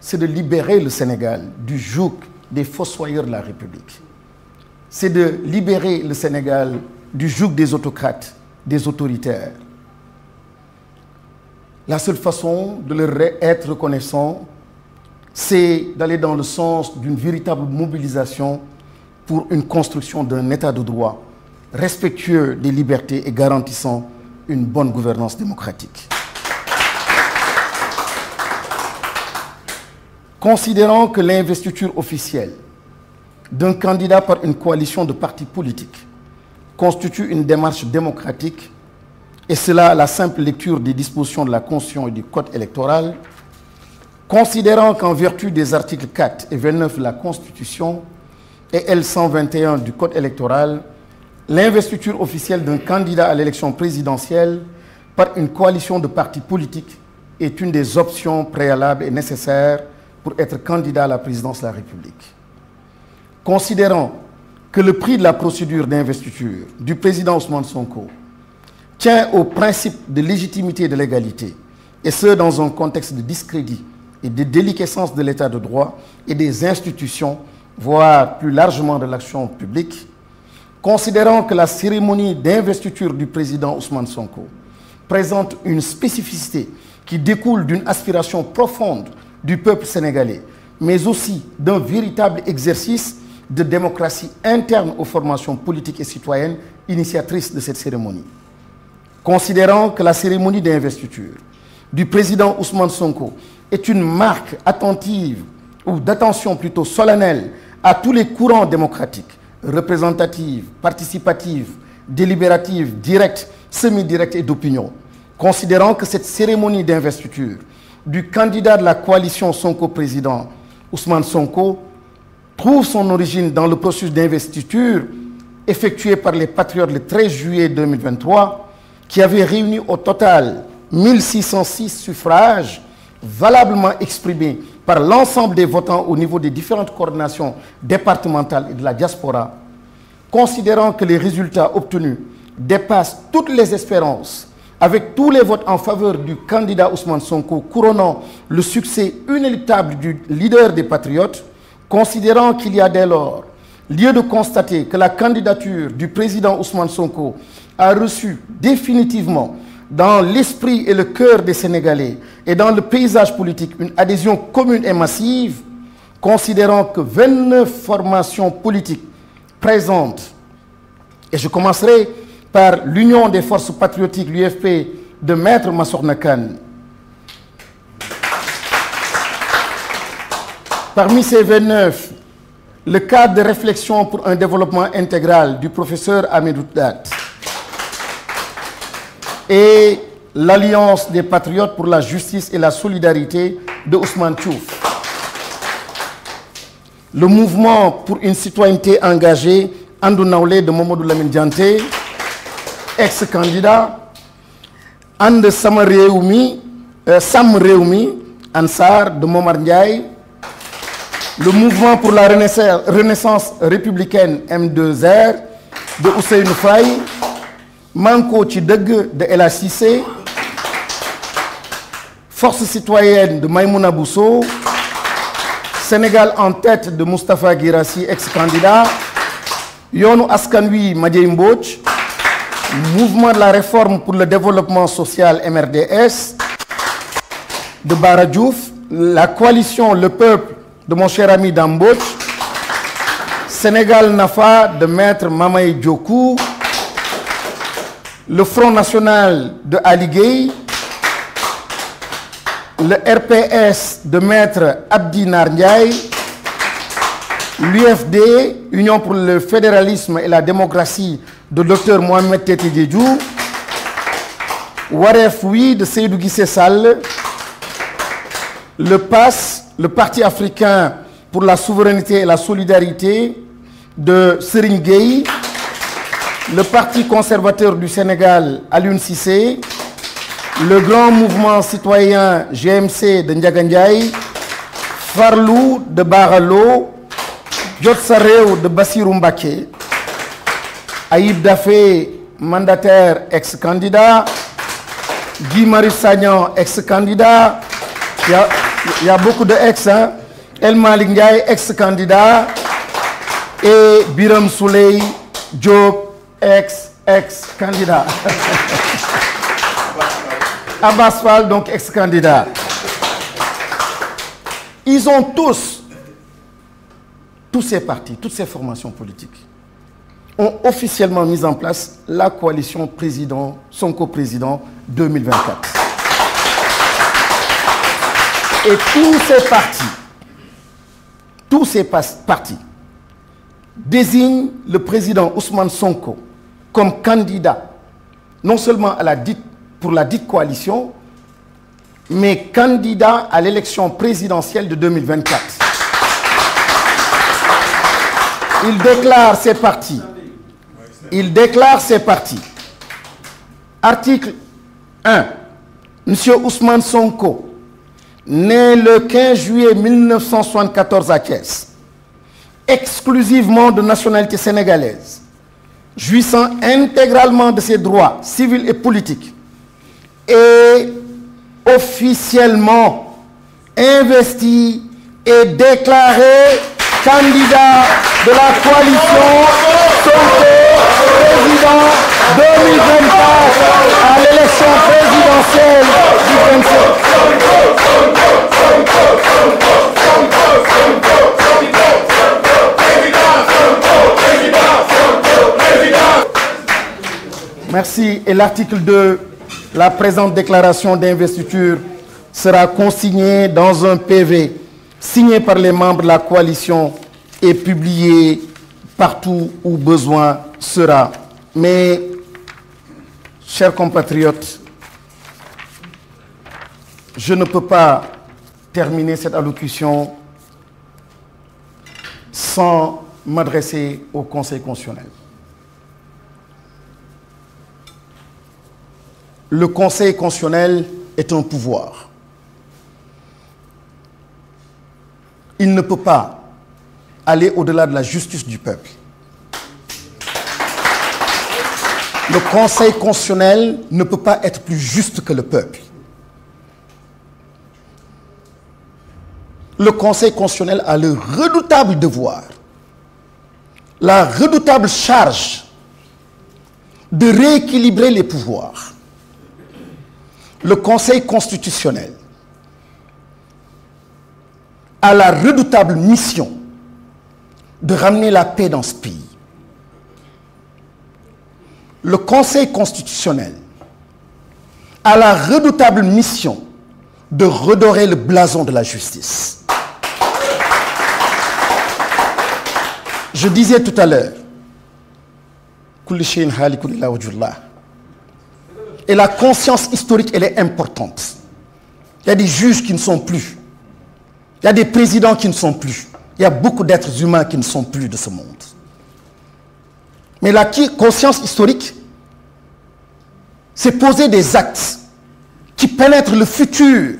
c'est de libérer le Sénégal du joug des fossoyeurs de la République. C'est de libérer le Sénégal du joug des autocrates, des autoritaires. La seule façon de leur être reconnaissant, c'est d'aller dans le sens d'une véritable mobilisation pour une construction d'un état de droit respectueux des libertés et garantissant une bonne gouvernance démocratique. Considérant que l'investiture officielle d'un candidat par une coalition de partis politiques constitue une démarche démocratique, et cela à la simple lecture des dispositions de la Constitution et du Code électoral, considérant qu'en vertu des articles 4 et 29 de la Constitution et L121 du Code électoral, l'investiture officielle d'un candidat à l'élection présidentielle par une coalition de partis politiques est une des options préalables et nécessaires pour être candidat à la présidence de la République. Considérant que le prix de la procédure d'investiture du président Ousmane Sonko tient au principe de légitimité et de l'égalité, et ce dans un contexte de discrédit et de déliquescence de l'état de droit et des institutions, voire plus largement de l'action publique, Considérant que la cérémonie d'investiture du président Ousmane Sonko présente une spécificité qui découle d'une aspiration profonde du peuple sénégalais, mais aussi d'un véritable exercice de démocratie interne aux formations politiques et citoyennes initiatrices de cette cérémonie. Considérant que la cérémonie d'investiture du président Ousmane Sonko est une marque attentive ou d'attention plutôt solennelle à tous les courants démocratiques représentative, participative, délibérative, directe, semi-directe et d'opinion, considérant que cette cérémonie d'investiture du candidat de la coalition Sonko-Président, Ousmane Sonko, trouve son origine dans le processus d'investiture effectué par les Patriotes le 13 juillet 2023, qui avait réuni au total 1606 suffrages valablement exprimé par l'ensemble des votants au niveau des différentes coordinations départementales et de la diaspora, considérant que les résultats obtenus dépassent toutes les espérances, avec tous les votes en faveur du candidat Ousmane Sonko couronnant le succès inéluctable du leader des patriotes, considérant qu'il y a dès lors lieu de constater que la candidature du président Ousmane Sonko a reçu définitivement dans l'esprit et le cœur des Sénégalais et dans le paysage politique une adhésion commune et massive, considérant que 29 formations politiques présentes, et je commencerai par l'Union des forces patriotiques, l'UFP, de Maître Nakan. Parmi ces 29, le cadre de réflexion pour un développement intégral du professeur Ahmed Oudat et l'Alliance des patriotes pour la justice et la solidarité de Ousmane Tchouf. Le mouvement pour une citoyenneté engagée, Andou Naoulé de Momodou Lamine ex-candidat, Ande euh, Sam Réoumi, Ansar de Momar Ndiaye, le mouvement pour la renaissance, républicaine M2R de Ousseï Faye, Manko ci de LHCC, Force citoyenne de Maïmouna Bousso Sénégal en tête de Moustapha Girassi, ex-candidat Yonou Askanwi, Wi Mouvement de la réforme pour le développement social MRDS de Baradjouf, la coalition Le Peuple de mon cher ami Dame Sénégal Nafa de Maître Mamaye Djokou, le Front National de Ali Gay, le RPS de Maître Abdi Ndiaye, l'UFD, Union pour le fédéralisme et la démocratie de Dr Mohamed Tete Djedjou, Waref de Seydou Guissé le PAS, le Parti africain pour la souveraineté et la solidarité de Sering Gueye, le Parti conservateur du Sénégal, Alun Sissé, le grand mouvement citoyen GMC de Ndiagandiaï, Farlou de Baralo, Djotsareo de Bassirou Mbaké, Aïb Dafé, mandataire ex-candidat, Guy Marie Sagnan, ex-candidat, il y, a beaucoup de ex, hein? El ex-candidat, et Biram Souley, Diop, ex-ex-candidat. Abbas donc ex-candidat. Ils ont tous, tous ces partis, toutes ces formations politiques, ont officiellement mis en place la coalition président, son président 2024. Et tous ces partis, tous ces partis désignent le président Ousmane Sonko comme candidat, non seulement pour la dite coalition, mais candidat à l'élection présidentielle de 2024. Il déclare ses partis. Il déclare ses partis. Article 1. Monsieur Ousmane Sonko, né le 15 juillet 1974 à Thiès, exclusivement de nationalité sénégalaise, jouissant intégralement de ses droits civils et politiques, et officiellement investi et déclaré candidat de la coalition santé président 2024 à l'élection présidentielle du 27. Merci. Et l'article 2, la présente déclaration d'investiture sera consignée dans un PV signé par les membres de la coalition et publié partout où besoin sera. Mais, chers compatriotes, je ne peux pas terminer cette allocution sans m'adresser au Conseil constitutionnel. le Conseil constitutionnel est un pouvoir. Il ne peut pas aller au-delà de la justice du peuple. Le Conseil constitutionnel ne peut pas être plus juste que le peuple. Le Conseil constitutionnel a le redoutable devoir, la redoutable charge de rééquilibrer les pouvoirs le Conseil constitutionnel a la redoutable mission de ramener la paix dans ce pays. Le Conseil constitutionnel a la redoutable mission de redorer le blason de la justice. Je disais tout à l'heure, et la conscience historique, elle est importante. Il y a des juges qui ne sont plus. Il y a des présidents qui ne sont plus. Il y a beaucoup d'êtres humains qui ne sont plus de ce monde. Mais la conscience historique, c'est poser des actes qui pénètrent le futur.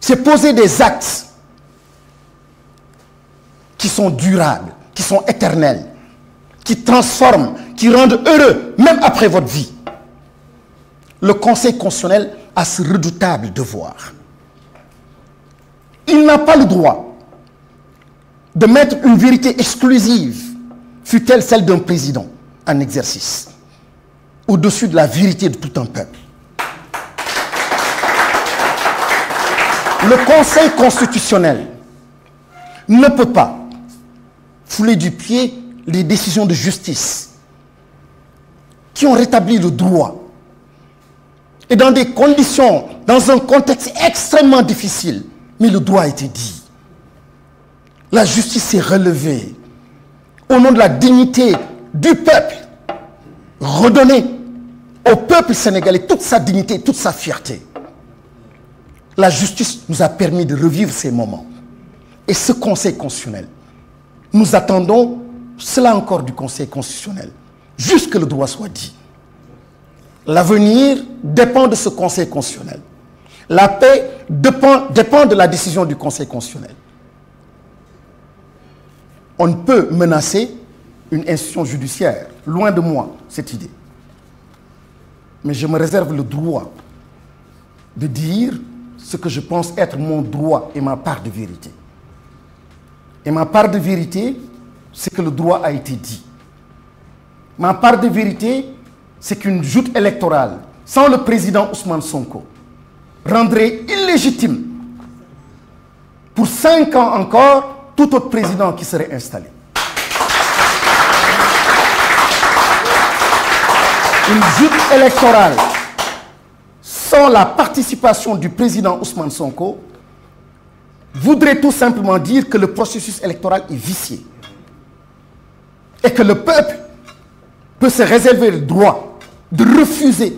C'est poser des actes qui sont durables, qui sont éternels, qui transforment qui rendent heureux, même après votre vie. Le Conseil constitutionnel a ce redoutable devoir. Il n'a pas le droit de mettre une vérité exclusive, fut-elle celle d'un président en exercice, au-dessus de la vérité de tout un peuple. Le Conseil constitutionnel ne peut pas fouler du pied les décisions de justice qui ont rétabli le droit. Et dans des conditions, dans un contexte extrêmement difficile, mais le droit a été dit. La justice est relevée au nom de la dignité du peuple. Redonner au peuple sénégalais toute sa dignité, toute sa fierté. La justice nous a permis de revivre ces moments. Et ce Conseil constitutionnel, nous attendons cela encore du Conseil constitutionnel que le droit soit dit. L'avenir dépend de ce Conseil constitutionnel. La paix dépend, dépend de la décision du Conseil constitutionnel. On ne peut menacer une institution judiciaire. Loin de moi, cette idée. Mais je me réserve le droit de dire ce que je pense être mon droit et ma part de vérité. Et ma part de vérité, c'est que le droit a été dit. Ma part de vérité, c'est qu'une joute électorale sans le président Ousmane Sonko rendrait illégitime pour cinq ans encore tout autre président qui serait installé. Une joute électorale sans la participation du président Ousmane Sonko voudrait tout simplement dire que le processus électoral est vicié et que le peuple peut se réserver le droit de refuser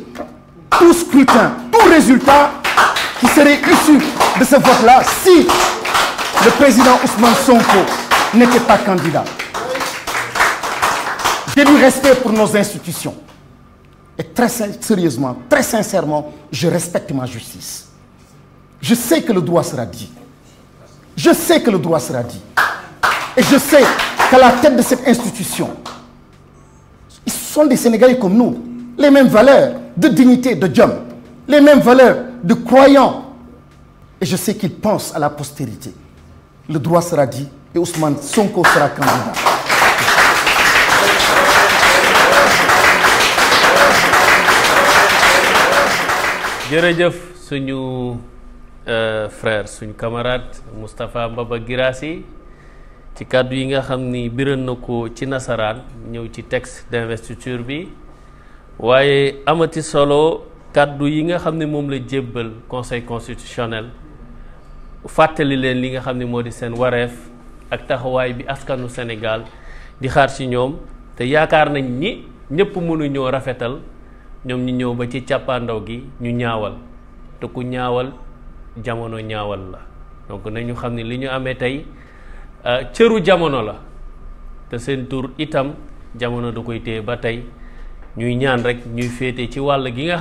tout scrutin, tout résultat qui serait issu de ce vote-là si le président Ousmane Sonko n'était pas candidat. J'ai du respect pour nos institutions. Et très sérieusement, très sincèrement, je respecte ma justice. Je sais que le droit sera dit. Je sais que le droit sera dit. Et je sais qu'à la tête de cette institution, sont des Sénégalais comme nous. Les mêmes valeurs de dignité, de job, Les mêmes valeurs de croyants. Et je sais qu'ils pensent à la postérité. Le droit sera dit et Ousmane Sonko sera candidat. Euh, frère camarade mustapha Mbaba girassi ci kàddu yi nga xamni ni biral na ci nasaran ñew ci texte d'investiture bi waye amati solo kàddu yi nga xamni mom la jébbal conseil constitutionnel fatali len li nga xamni modi sen waref ak taxaway bi askanu Senegal, di xaar ci ñom te yaakar nañ ni mënu ñoo rafetal ñom ñi ñew ba ci ciapandaw gi ñu ñaawal te ku ñaawal jamono ñaawal la donc nañu xamni li ñu amé tay Euh, cëru jamono la te seen tour itam jamono da koy téye ba tey ñuy ñaan rek ñuy féete ci wàll gi nga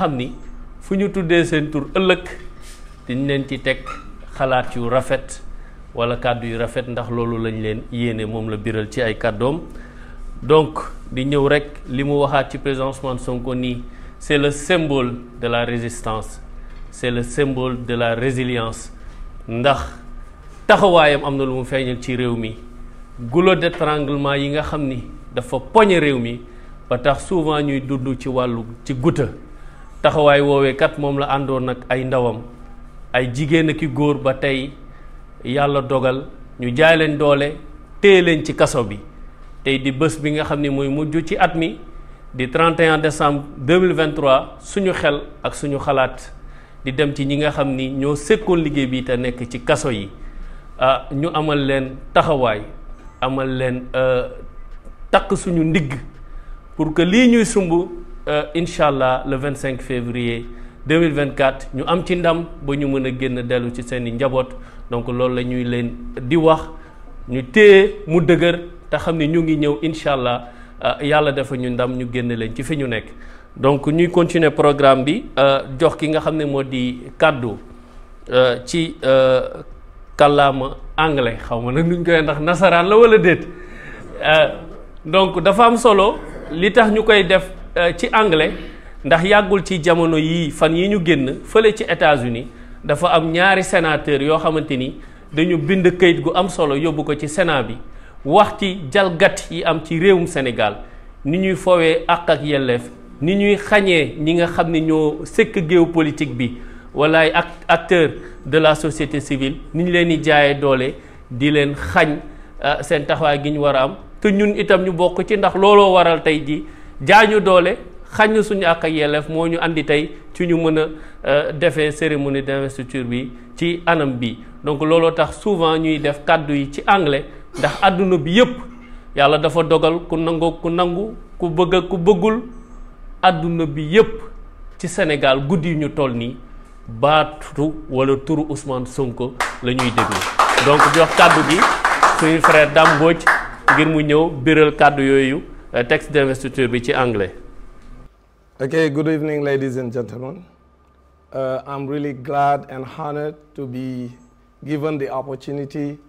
xam rafet wala kàddu rafet ndax loolu lañ leen yéene moom la biral ci ay donc di ñëw rek li mu c'est le symbole de la résistance c'est le symbole de la résilience taxawaayam am na lu mu feeñal ci réew mi gulo de d'étranglement yi nga xam ni dafa poñe réew mi ba tax souvent ñuy dund ci wàllu ci guta taxawaay woowee kat moom la àndoon ak ay ndawam ay jigéen ak i góor ba tey yàlla dogal ñu jaay leen doole téye leen ci kaso bi tey di bés bi nga xam ni mooy mujj ci at mi di 31 décembre 2023 suñu xel ak suñu xalaat di dem ci ñi nga xam ni ñoo sekkoon liggéey bi te nekk ci kaso yi ah ñu amal leen taxawaay amal leen euh, takk suñu ndigg pour que lii ñuy sumb euh, incha allah le vingt cinq février deux mille vingt quatre ñu am ci ndam ba ñu mën a génn dellu ci seen i njaboot donc loolu la ñuy leen di wax ñu téye mu dëgër te xam ne ñu ngi ñëw incha allah euh, yàlla dafa ñu ndam ñu génn leen ci fi ñu nekk. donc ñuy continuer programme bi jox ki nga xam ne moo di kàddu ci. kàllaama anglais xaw ma nag nuñ koy ndax nasaraan la wala déet euh, donc dafa am solo li tax ñu koy def euh, ci anglais ndax yàggul ci jamono yii fan yi ñu génn fële ci états uni dafa am ñaari sénateur yoo xamante ni dañu bind kayit gu am solo yóbbu ko ci sénat bi wax ci jalgat yi am ci réewum Sénégal ni ñuy foowee àq ak yelleef ni ñuy xañee ñi nga xam ni ñoo sëkk géopolitique bi wala ak acteur de la société civile ni leen di jaayee doole di leen xañ euh, seen taxawaay gi ñu war a am te ñun itam ñu bokk ci ndax looloo waral tey ji jaañu doole xañ suñu ak ak moo ñu indi tey ci ñu mën a euh, defee cérémonie d'investiture bi ci anam bi donc looloo tax souvent ñuy def kàddu yi ci anglais ndax àdduna bi yépp yàlla dafa dogal ku nangoo ku nangu ku bëgg ku bëggul àdduna bi yépp ci Sénégal guddi yu ñu toll nii wala turu Ousmane Sonko déglu donc jox suñu frère ngir mu ñëw euh, texte d'investiture bi ci anglais. Okay, good evening, ladies and gentlemen. Uh, I'm really glad and honored to be given the opportunity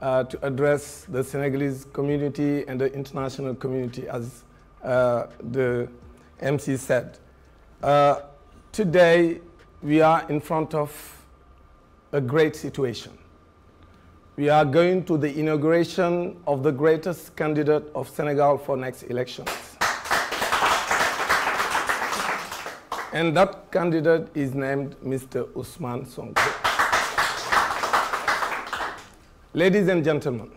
uh, to address the Senegalese community and the international community, as uh, the MC said. Uh, today, we are in front of a great situation. We are going to the inauguration of the greatest candidate of Senegal for next elections. and that candidate is named Mr. Usman Sonko. Ladies and gentlemen,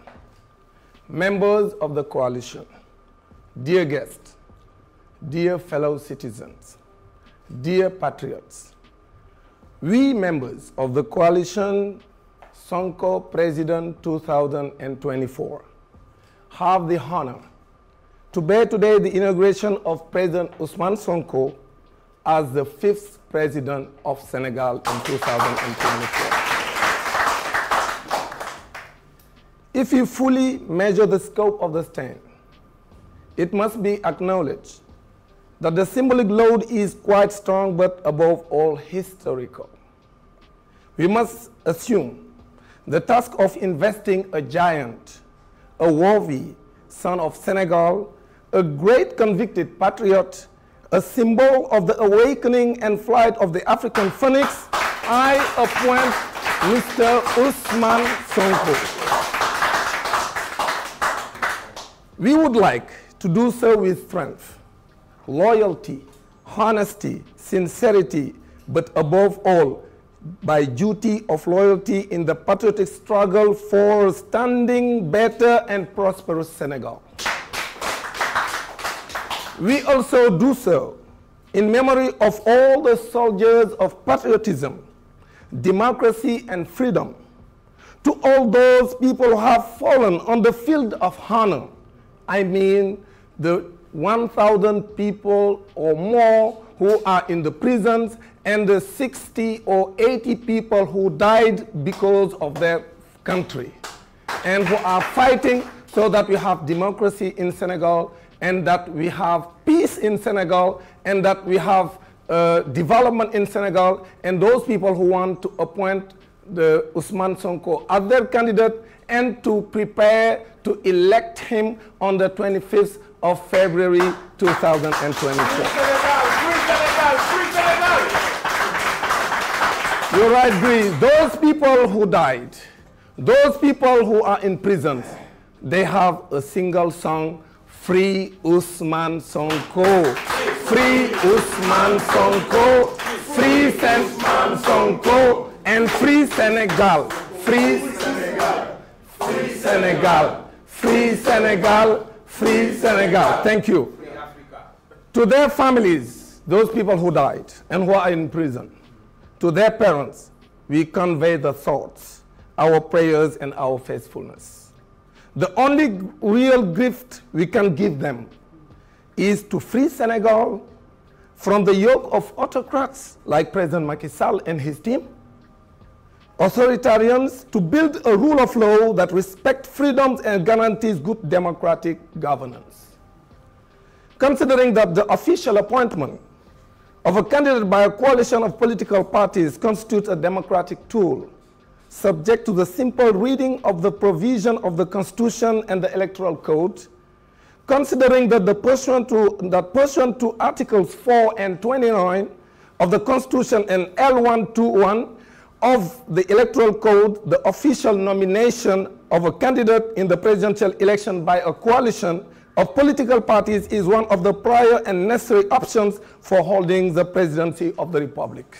members of the coalition, dear guests, dear fellow citizens, dear patriots, we members of the coalition Sonko President 2024 have the honor to bear today the inauguration of President Usmán Sonko as the fifth president of Senegal in 2024. if you fully measure the scope of the stand, it must be acknowledged that the symbolic load is quite strong but above all historical. We must assume the task of investing a giant, a worthy son of Senegal, a great convicted patriot, a symbol of the awakening and flight of the African phoenix, I appoint Mr. Usman Sonko. We would like to do so with strength loyalty, honesty, sincerity, but above all, by duty of loyalty in the patriotic struggle for standing better and prosperous Senegal. we also do so in memory of all the soldiers of patriotism, democracy, and freedom, to all those people who have fallen on the field of honor, I mean the 1,000 people or more who are in the prisons and the 60 or 80 people who died because of their country and who are fighting so that we have democracy in Senegal and that we have peace in Senegal and that we have uh, development in Senegal and those people who want to appoint the Usman Sonko as their candidate and to prepare to elect him on the 25th of February 2022. You're right, Greece. Those people who died, those people who are in prisons, they have a single song, Free Usman Sonko. Free Usman Sonko. Free Sen Sonko. And Free Senegal. Free Senegal. Free Senegal. Free Senegal. Free Senegal. Thank you. To their families, those people who died and who are in prison, to their parents, we convey the thoughts, our prayers, and our faithfulness. The only real gift we can give them is to free Senegal from the yoke of autocrats like President Macky Sall and his team, authoritarians to build a rule of law that respects freedoms and guarantees good democratic governance. Considering that the official appointment of a candidate by a coalition of political parties constitutes a democratic tool, subject to the simple reading of the provision of the Constitution and the Electoral Code, considering that the pursuant to, that pursuant to Articles 4 and 29 of the Constitution and L121 of the Electoral Code the official nomination of a candidate in the presidential election by a coalition of political parties is one of the prior and necessary options for holding the presidency of the republic.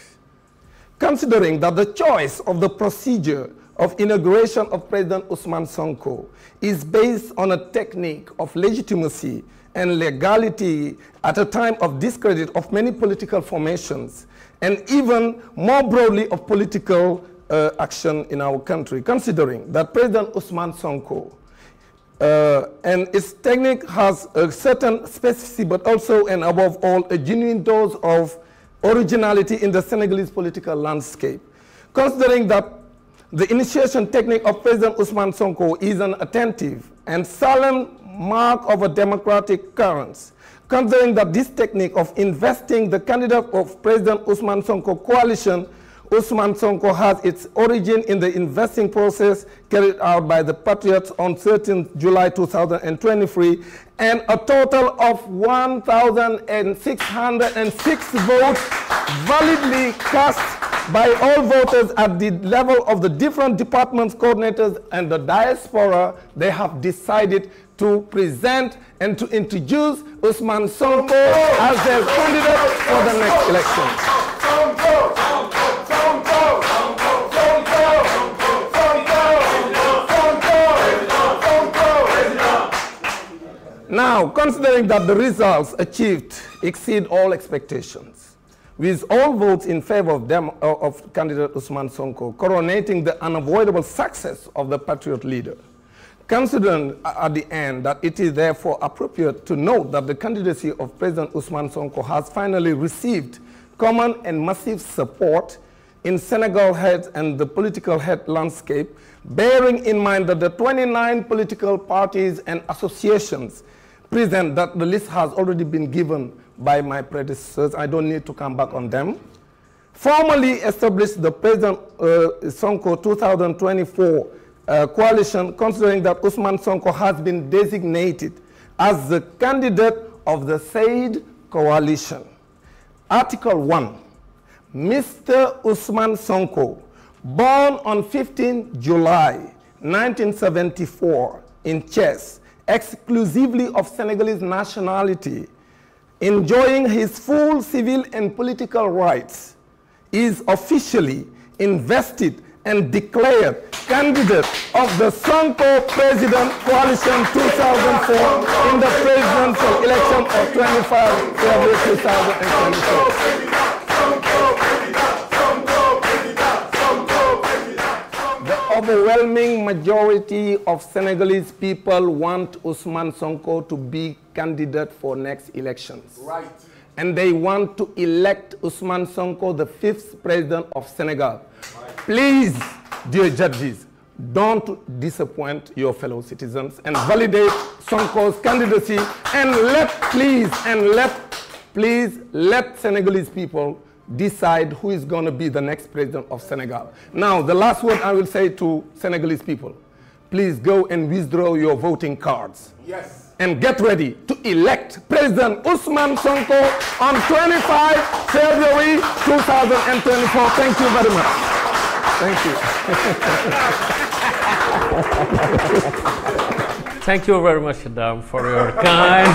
Considering that the choice of the procedure of inauguration of President Usman Sonko is based on a technique of legitimacy and legality at a time of discredit of many political formations, and even more broadly of political uh, action in our country, considering that President Usman Sonko uh, and his technique has a certain specificity, but also and above all, a genuine dose of originality in the Senegalese political landscape. Considering that the initiation technique of President Usman Sonko is an attentive and solemn mark of a democratic current, considering that this technique of investing the candidate of President Usman Sonko coalition, Usman Sonko has its origin in the investing process carried out by the Patriots on 13 July 2023, and a total of 1,606 votes validly cast by all voters at the level of the different departments, coordinators, and the diaspora, they have decided to present and to introduce Usman Sonko as the candidate for the next election. Now, considering that the results achieved exceed all expectations, with all votes in favor of, uh, of candidate Usman Sonko coronating the unavoidable success of the patriot leader, Considering at the end that it is therefore appropriate to note that the candidacy of President Usman Sonko has finally received common and massive support in Senegal head and the political head landscape, bearing in mind that the 29 political parties and associations present that the list has already been given by my predecessors. I don't need to come back on them. Formally established the President uh, Sonko 2024 uh, coalition, considering that Usman Sonko has been designated as the candidate of the said coalition. Article 1. Mr. Usman Sonko, born on 15 July 1974 in Chess, exclusively of Senegalese nationality, enjoying his full civil and political rights, is officially invested and declared candidate of the Sanko President Coalition 2004 in the presidential election of 25 February 2024. The overwhelming majority of Senegalese people want Usmán Sonko to be candidate for next elections. Right. And they want to elect Usmán Sonko the fifth president of Senegal Please, dear judges, don't disappoint your fellow citizens and validate Sonko's candidacy and let, please, and let, please, let Senegalese people decide who is going to be the next president of Senegal. Now, the last word I will say to Senegalese people, please go and withdraw your voting cards. Yes and get ready to elect President Usman Sonko on 25 February 2024. Thank you very much. Thank you. Thank you very much, Adam, for your kind,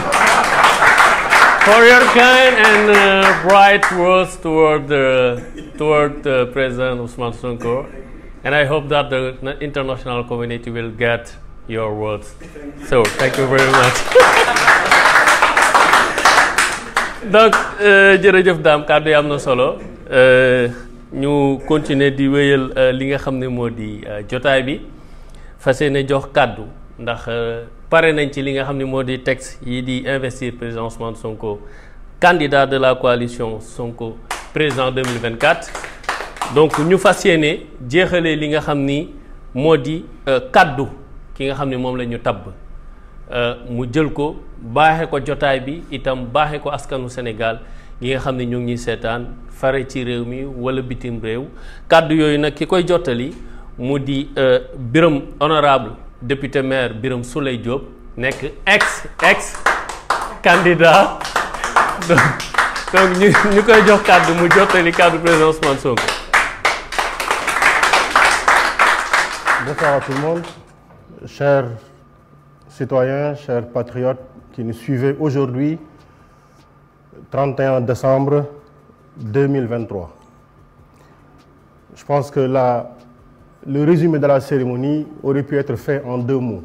for your kind and uh, bright words toward the uh, toward the uh, President Usman Sonko, and I hope that the international community will get your words. So, thank you very much. donc uh, jërëjëf dam, kàddu yi am na solo ñu continuer di wéyal euh, li nga xam ne moo di euh, jotaay bi fa yéene jox kàddu ndax euh, pare nañ ci li nga xam ne moo di texte yi di investir président Ousmane Sonko candidat de la coalition Sonko président 2024 donc ñu fas yéene jeexalee li nga xam ni moo di kàddu ki nga xam ne moom la ñu tabb mu jël ko baaxe ko jotaay bi itam baaxe ko askanu Sénégal ñi nga xamné ñu ngi sétane faré ci réew mi wala bitim réew kaddu yoy nak ki koy jottali mu di euh, Birame honorable député maire Birame Souleye Diop nek ex ex candidat donc ñu koy jox kaddu mu jottali kaddu président Ousmane Sonko. Bonsoir à tout le monde, chers citoyens, chers patriotes qui nous suivez aujourd'hui 31 décembre 2023. Je pense que le résumé de la cérémonie aurait pu être fait en deux mots.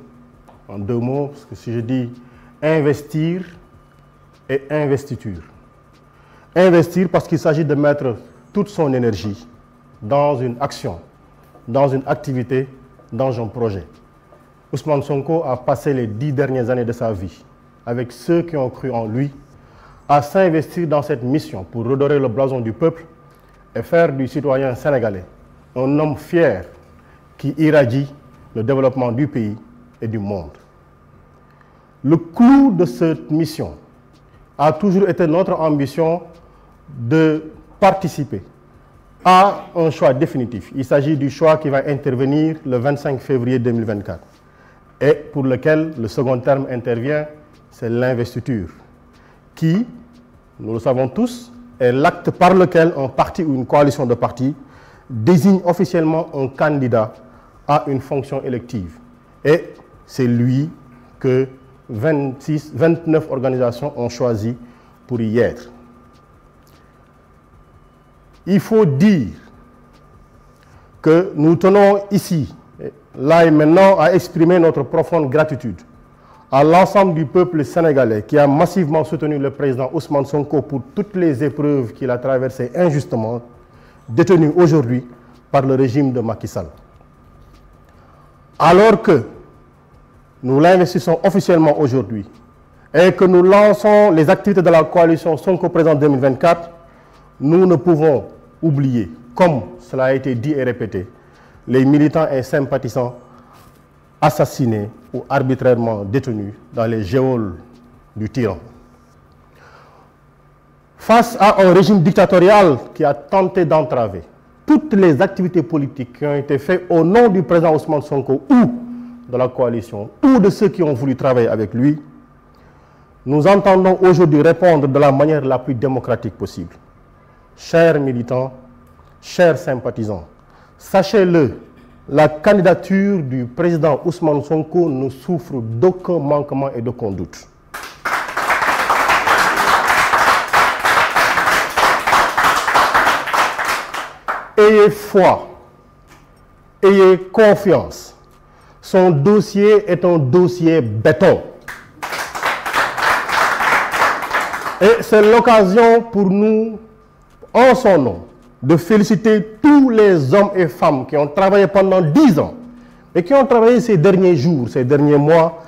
En deux mots, parce que si je dis investir et investiture. Investir parce qu'il s'agit de mettre toute son énergie dans une action, dans une activité, dans un projet. Ousmane Sonko a passé les dix dernières années de sa vie avec ceux qui ont cru en lui à s'investir dans cette mission pour redorer le blason du peuple et faire du citoyen sénégalais un homme fier qui irradie le développement du pays et du monde. Le clou de cette mission a toujours été notre ambition de participer à un choix définitif. Il s'agit du choix qui va intervenir le 25 février 2024 et pour lequel le second terme intervient, c'est l'investiture qui, nous le savons tous, est l'acte par lequel un parti ou une coalition de partis désigne officiellement un candidat à une fonction élective. Et c'est lui que 26, 29 organisations ont choisi pour y être. Il faut dire que nous tenons ici, là et maintenant, à exprimer notre profonde gratitude à l'ensemble du peuple sénégalais qui a massivement soutenu le président Ousmane Sonko pour toutes les épreuves qu'il a traversées injustement, détenues aujourd'hui par le régime de Macky Sall. Alors que nous l'investissons officiellement aujourd'hui et que nous lançons les activités de la coalition Sonko Présent 2024, nous ne pouvons oublier, comme cela a été dit et répété, les militants et sympathisants assassinés ou arbitrairement détenus dans les géoles du tyran. Face à un régime dictatorial qui a tenté d'entraver toutes les activités politiques qui ont été faites au nom du président Ousmane Sonko ou de la coalition ou de ceux qui ont voulu travailler avec lui, nous entendons aujourd'hui répondre de la manière la plus démocratique possible. Chers militants, chers sympathisants, sachez-le, la candidature du président Ousmane Sonko ne souffre d'aucun manquement et d'aucun doute. Ayez foi, ayez confiance. Son dossier est un dossier béton. Et c'est l'occasion pour nous, en son nom, de féliciter tous les hommes et femmes qui ont travaillé pendant dix ans et qui ont travaillé ces derniers jours, ces derniers mois,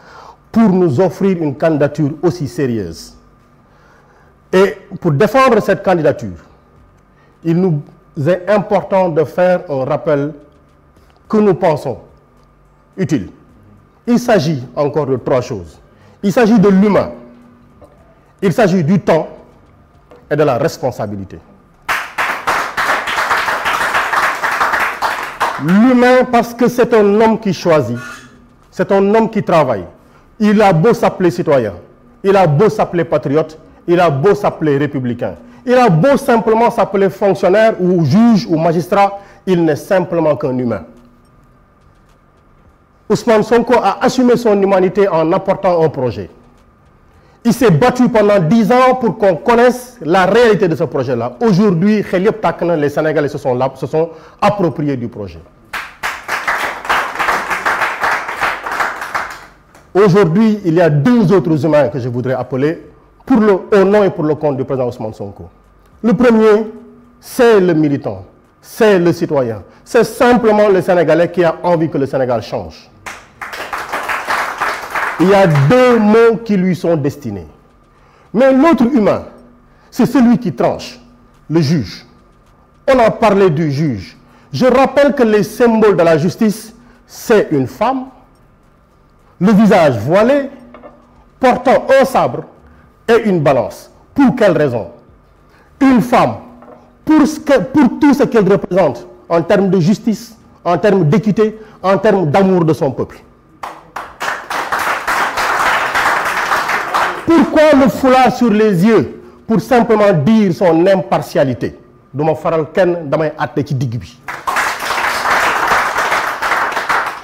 pour nous offrir une candidature aussi sérieuse. Et pour défendre cette candidature, il nous est important de faire un rappel que nous pensons utile. Il s'agit encore de trois choses. Il s'agit de l'humain, il s'agit du temps et de la responsabilité. L'humain, parce que c'est un homme qui choisit, c'est un homme qui travaille. Il a beau s'appeler citoyen, il a beau s'appeler patriote, il a beau s'appeler républicain, il a beau simplement s'appeler fonctionnaire ou juge ou magistrat, il n'est simplement qu'un humain. Ousmane Sonko a assumé son humanité en apportant un projet. Il s'est battu pendant dix ans pour qu'on connaisse la réalité de ce projet-là. Aujourd'hui, les Sénégalais se sont, là, se sont appropriés du projet. Aujourd'hui, il y a deux autres humains que je voudrais appeler pour le, au nom et pour le compte du président Ousmane Sonko. Le premier, c'est le militant, c'est le citoyen. C'est simplement le Sénégalais qui a envie que le Sénégal change il y a deux mots qui lui sont destinés. Mais l'autre humain, c'est celui qui tranche, le juge. On a parlé du juge. Je rappelle que les symboles de la justice, c'est une femme, le visage voilé, portant un sabre et une balance. Pour quelle raison Une femme, pour, pour tout ce qu'elle représente en termes de justice, en termes d'équité, en termes d'amour de son peuple. pourquoi le foulard sur les yeux pour simplement dire son impartialité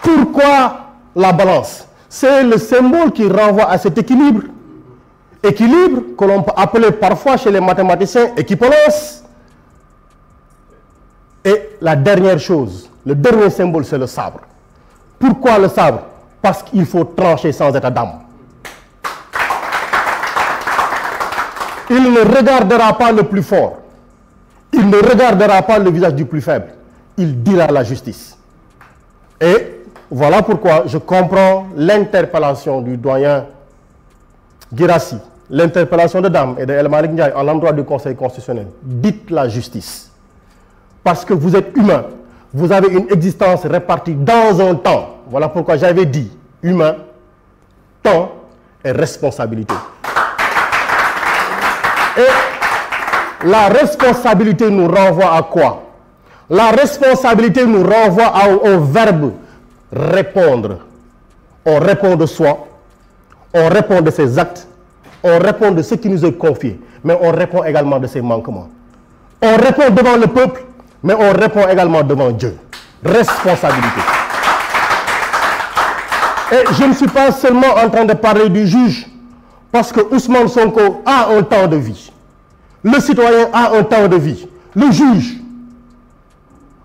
pourquoi la balance c'est le symbole qui renvoie à cet équilibre équilibre que l'on peut appeler parfois chez les mathématiciens équivalence et la dernière chose le dernier symbole c'est le sabre pourquoi le sabre parce qu'il faut trancher sans état d'âme Il ne regardera pas le plus fort. Il ne regardera pas le visage du plus faible. Il dira la justice. Et voilà pourquoi je comprends l'interpellation du doyen Girassi, l'interpellation de Dame et de El Ndiaye en l'endroit du Conseil constitutionnel. Dites la justice. Parce que vous êtes humain. Vous avez une existence répartie dans un temps. Voilà pourquoi j'avais dit humain, temps et responsabilité. Et la responsabilité nous renvoie à quoi La responsabilité nous renvoie au verbe répondre. On répond de soi, on répond de ses actes, on répond de ce qui nous est confié, mais on répond également de ses manquements. On répond devant le peuple, mais on répond également devant Dieu. Responsabilité. Et je ne suis pas seulement en train de parler du juge, parce que Ousmane Sonko a un temps de vie. Le citoyen a un temps de vie. Le juge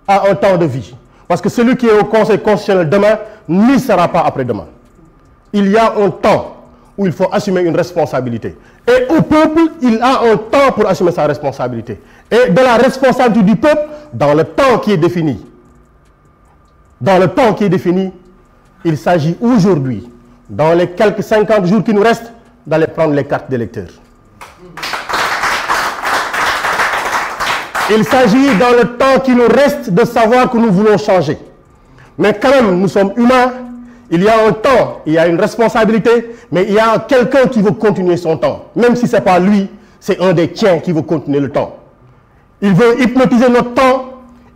a un temps de vie. Parce que celui qui est au Conseil constitutionnel demain n'y sera pas après-demain. Il y a un temps où il faut assumer une responsabilité. Et au peuple, il a un temps pour assumer sa responsabilité. Et de la responsabilité du peuple, dans le temps qui est défini, dans le temps qui est défini, il s'agit aujourd'hui, dans les quelques 50 jours qui nous restent, d'aller prendre les cartes lecteurs. Il s'agit dans le temps qui nous reste de savoir que nous voulons changer. Mais quand même, nous sommes humains. Il y a un temps, il y a une responsabilité, mais il y a quelqu'un qui veut continuer son temps. Même si ce n'est pas lui, c'est un des tiens qui veut continuer le temps. Il veut hypnotiser notre temps,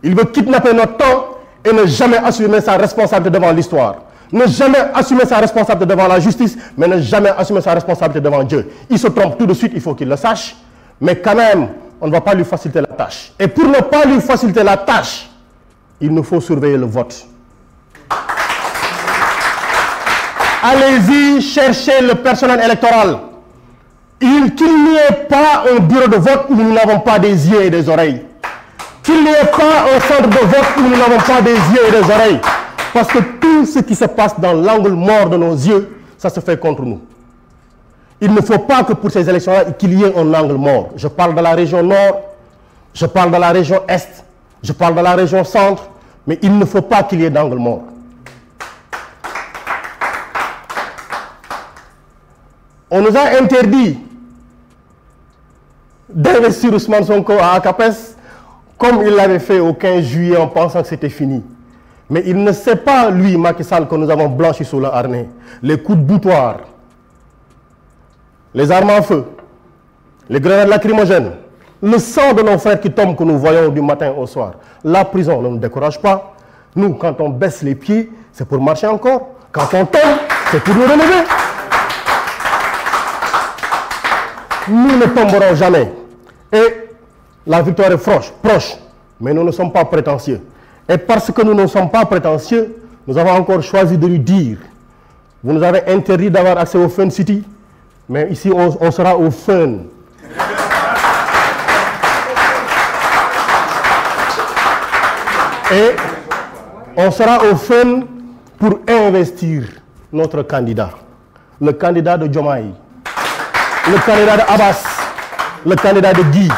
il veut kidnapper notre temps et ne jamais assumer sa responsabilité devant l'histoire ne jamais assumer sa responsabilité devant la justice, mais ne jamais assumer sa responsabilité devant Dieu. Il se trompe tout de suite, il faut qu'il le sache, mais quand même, on ne va pas lui faciliter la tâche. Et pour ne pas lui faciliter la tâche, il nous faut surveiller le vote. Allez-y, chercher le personnel électoral. Il qu'il n'y ait pas un bureau de vote où nous n'avons pas des yeux et des oreilles. Qu'il n'y ait pas un centre de vote où nous n'avons pas des yeux et des oreilles. Parce que tout ce qui se passe dans l'angle mort de nos yeux, ça se fait contre nous. Il ne faut pas que pour ces élections-là, qu'il y ait un angle mort. Je parle de la région nord, je parle de la région est, je parle de la région centre, mais il ne faut pas qu'il y ait d'angle mort. On nous a interdit d'investir Ousmane Sonko à Capes, comme il l'avait fait au 15 juillet en pensant que c'était fini. Mais il ne sait pas, lui, Macky Sall, que nous avons blanchi sous la harnais. Les coups de boutoir, les armes à feu, les grenades lacrymogènes, le sang de nos frères qui tombent que nous voyons du matin au soir. La prison ne nous décourage pas. Nous, quand on baisse les pieds, c'est pour marcher encore. Quand on tombe, c'est pour nous relever. Nous ne tomberons jamais. Et la victoire est proche, proche. Mais nous ne sommes pas prétentieux. Et parce que nous ne sommes pas prétentieux, nous avons encore choisi de lui dire Vous nous avez interdit d'avoir accès au Fun City, mais ici on, sera au Fun. Et on sera au Fun pour investir notre candidat, le candidat de Jomaï, le candidat de Abbas, le candidat de Guy,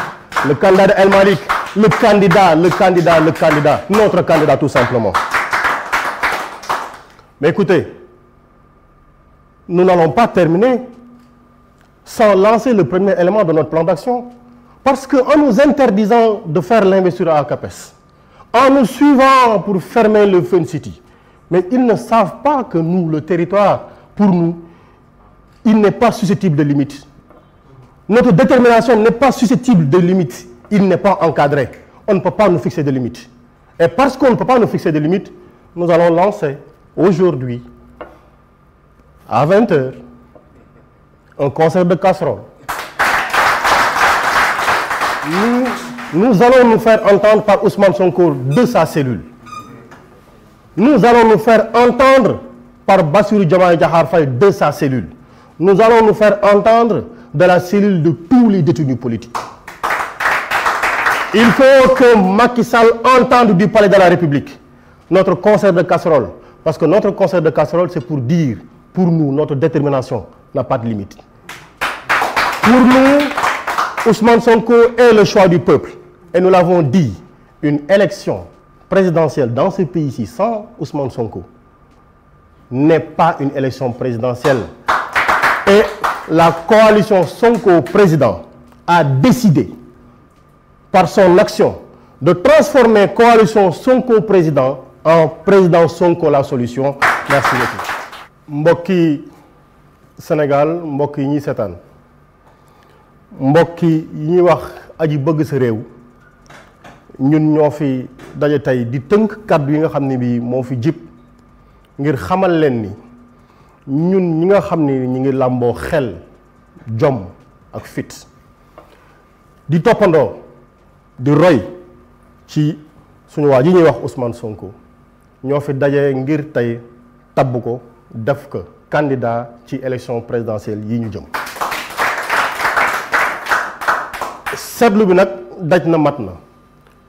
le candidat de El le candidat, le candidat, le candidat, notre candidat tout simplement. Mais écoutez, nous n'allons pas terminer sans lancer le premier élément de notre plan d'action. Parce qu'en nous interdisant de faire l'investissement à CAPES, en nous suivant pour fermer le Fun City, mais ils ne savent pas que nous, le territoire, pour nous, il n'est pas susceptible de limites. Notre détermination n'est pas susceptible de limites il n'est pas encadré. On ne peut pas nous fixer de limites. Et parce qu'on ne peut pas nous fixer de limites, nous allons lancer aujourd'hui, à 20h, un concert de casserole. Nous, allons nous faire entendre par Ousmane Sonko de sa cellule. Nous allons nous faire entendre par Bassirou Diomaye de sa cellule. Nous allons nous faire entendre de la cellule de tous les détenus politiques. Il faut que Macky Sall entende du palais de la République notre concert de casserole. Parce que notre concert de casserole, c'est pour dire, pour nous, notre détermination n'a pas de limite. Pour nous, Ousmane Sonko est le choix du peuple. Et nous l'avons dit, une élection présidentielle dans ce pays-ci sans Ousmane Sonko n'est pas une élection présidentielle. Et la coalition Sonko président a décidé par son action de transformer coalition Sonko président en président Sonko la solution merci beaucoup. mbokki Sénégal Mbokki ni ñuy mbokki yi wax aji bëgg sa réew ñun ñoo fi daje tay di teunk kàddu yi nga xamni bi mo fi ngir xamal jom ak fit di di roy ci suñu waa ji ñuy wax Ousmane Sonko ñoo fi daje ngir tey tabb ko def ko candidat ci élection présidentielle yi ñu jëm seetlu bi nag daj na mat na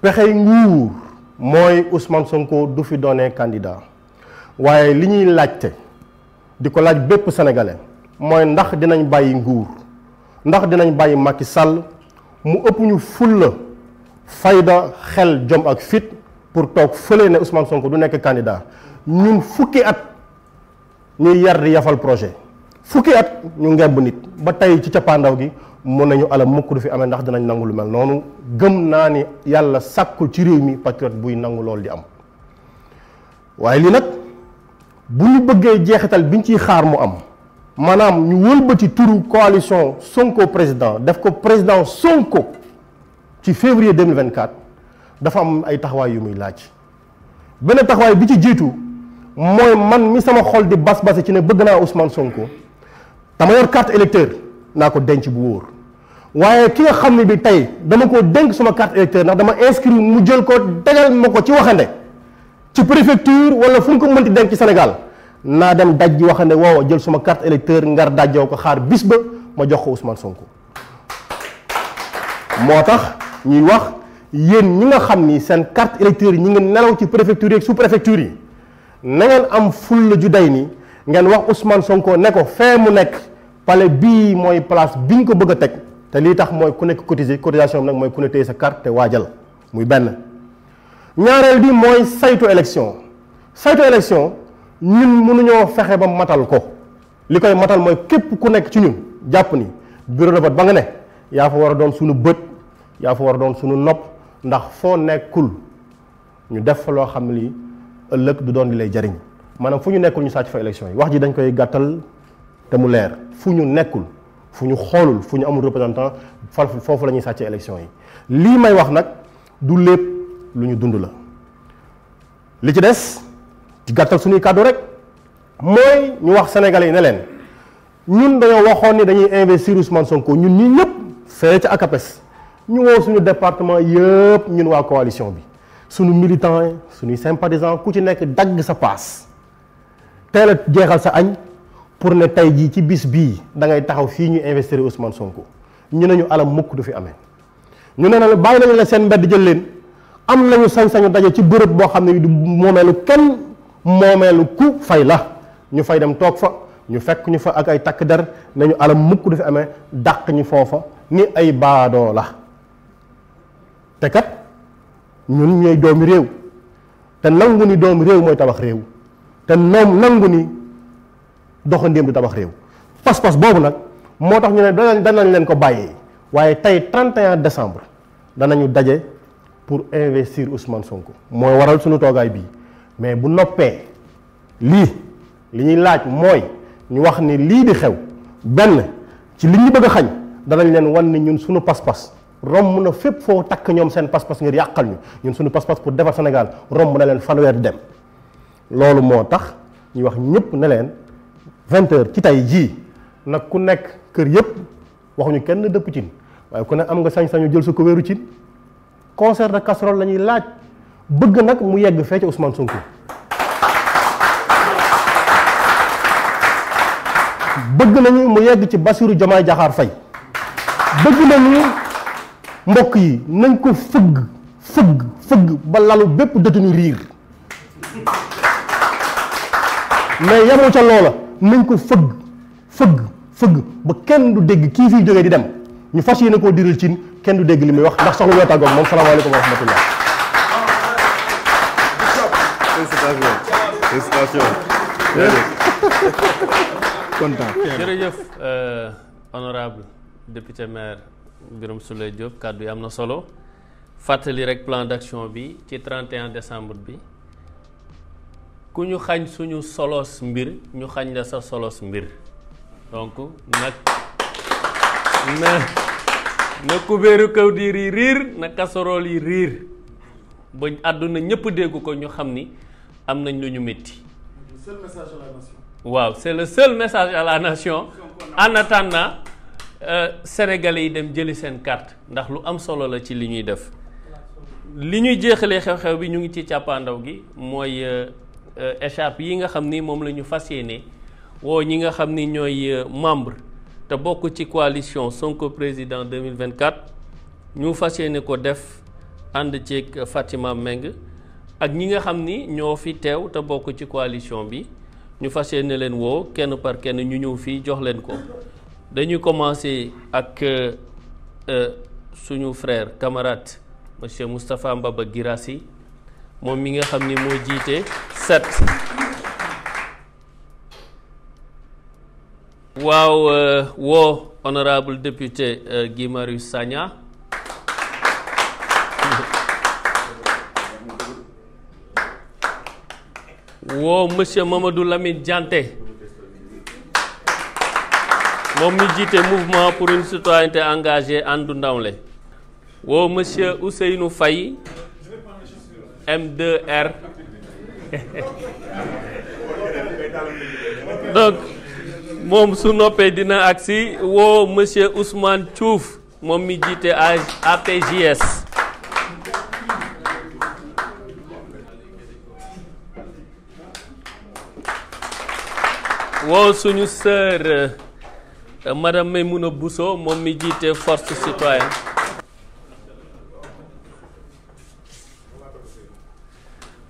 pexey nguur mooy Ousmane Sonko du fi doonee candidat waaye li ñuy laajte di ko laaj bépp sénégalais mooy ndax dinañ bàyyi nguur ndax dinañ bàyyi Macky Sall mu ëpp ñu fulla fayda xel jom ak fit pour tok fële ne Ousmane Sonko du nek candidat ñun fukki at ñi yar di yafal projet fukki at ñu ngemb nit ba tay ci cappaandaw gi mun nañu ala mukk du fi amé ndax dinañ nangul mel nonu gëm naani yalla sakku ci réew mi patriote buy nangu lol di am waye li nak bu ñu bëggee jeexital biñ ci xaar mu am manam ñu wëlbati turu coalition sonko président def ko président sonko ci février 2024 dafa am ay taxaway yu muy laaj benn taxaway bi ci jiitu mooy man mi sama xol di bas basé ci ne bëgg naa Ousmane Sonko dama yor carte électeur naa ko denc bu wóor waaye ki nga xam ne bi tey dama ko denc sama carte électeur ndax dama inscrit mu jël ko tegal ma ko ci waxande ci préfecture wala fu ko mënti denc ci Sénégal naa dem ji waxande woowa jël sama carte électeur ngar dajjoo ko xaar bis ba ma jox ko Ousmane Sonko moo tax ñuy wax yeen ñi nga xamni sen carte électeur ñi ngi nelaw ci préfecture ak sous préfecture na ngeen am ful ju day ni ngeen wax Ousmane Sonko ne ko fe mu nek palais bi moy place biñ ko bëgg a teg te lii tax moy ku nek cotisé cotisation nak moy ku ne téye sa carte te wajal muy ben ñaarel bi moy saytu élection saytu élection ñun ñoo fexé ba matal ko likoy matal moy képp ku nek ci ñun japp ni bureau de vote ba nga ne ya fa wara doon suñu bët yaa fa war doon suñu nopp ndax foo nekkul ñu def fa loo xam ne lii ëllëg du doon di lay jariñ maanaam fu ñu nekkul ñu sàcc fa élection yi wax ji dañ koy gàttal te mu leer fu ñu nekkul fu ñu xoolul fu ñu amul représentant fa foofu la ñuy sàcce yi lii may wax nag du lépp lu ñu dund la li ci des gàttal suñuy kàddu rek mooy ñu wax sénégalais yi ne leen ñun dañoo waxoon ni dañuy investir Ousmane Sonko ñun ñi ñëpp fee ca ACAPES Nous sommes le département nous ñun coalition bi suñu militants nous sommes sympathisants ku ci nekk dagg sa pour ne nous jii ci bis da ngay taxaw investir Ousmane Sonko ñu ne Nous alam mukk du fi ñu la bàyyi nañu la seen jël leen am sañ-sañu ci de du moomeelu Nous moomeelu ñu fay ñu fekk ñu fa ak ay nañu alam mukk du fi ni ay te kat ñun ñooy doomi réew te nangu ni doomi réew mooy tabax réew te noom nangu ni doxandéem du tabax réew pas-pas boobu nag moo tax ñu ne danañ danañ leen ko bàyyee waaye tey 31 décembre danañu daje pour investir Ousmane Sonko mooy waral suñu toogaay bii mais bu noppee lii li ñuy laaj mooy ñu wax ni lii di xew benn ci li ñu bëgg xañ danañ leen wan ni ñun suñu pas-pas rom na fépp fo tak ñom sen pas-pas ngir yakal ñu ñun suñu pas-pas pour défar Sénégal rom na len fanwer dem lolu motax ñi wax ñepp na len 20h ci tay ji nak ku nek kër yëpp ñu kenn depp ci waye ku nek am nga sañ-sañu jël su ko wëru ci concert de casserole lañuy laaj bëgg nak mu yegg fé ci Ousmane Sonko bëgg nañu mu yegg ci Bassirou Jomay Diakhar Fay bëgg nañu mbokk yi nañ ko fëgg fëgg fëgg ba lalu bépp détenu riir mais yemoo ca loola nañ ko fëgg fëgg fëgg ba kenn du dégg kii fii jógee di dem ñu fas yéene koo diral cin kenn du dégg li muy wax ndax soxla ñoo tàggoog moom salaamaaleykum wa rahmatullah Birame Souleye Diop kaddu amna solo fatali rek plan d'action bi ci 31 décembre bi ku ñu xagn suñu solos mbir ñu xagn la sa solos mbir donc nak na na ku beru kaw di yi riir na casserole yi riir bañ aduna ñepp dégg ko ñu xamni xam ni seul message à la nation waaw c'est le seul message à la nation en attendant Euh, sénégalais yi dem jëli seen carte ndax lu am solo la ci li ñuy def li ñuy jeexalee xew-xew bi ñu ngi ci càppandaw gi mooy euh, euh, écharpe yi nga xam ni moom lañu ñu fas yéene woo ñi nga xam ni ñooy membre te bokk ci coalition Sonko président 2024 ñu fas yéene ko def ànd ceeg Fatima Meng ak ñi nga xam ni ñoo fi teew te bokk ci coalition bi ñu fas yéene leen woo kenn par kenn ñu ñëw fii jox leen ko Nous commencer avec euh, euh, suñu frère camarade M. Moustapha Mbaba Girassi Je mi nga xam ni euh, honorable député Guimaru Sanya. Wow, M. monsieur Mamadou Lamine djante moom mouvement pour une citoyenneté engagée en ndawle Oh, monsieur Ousseynou Faye M2R donc mon su d'une dina agsi woo monsieur Ousmane Tchouf, mon mi jiite APJS woo suñu madame Maymouna Bousso moom mi jiite force citoyenne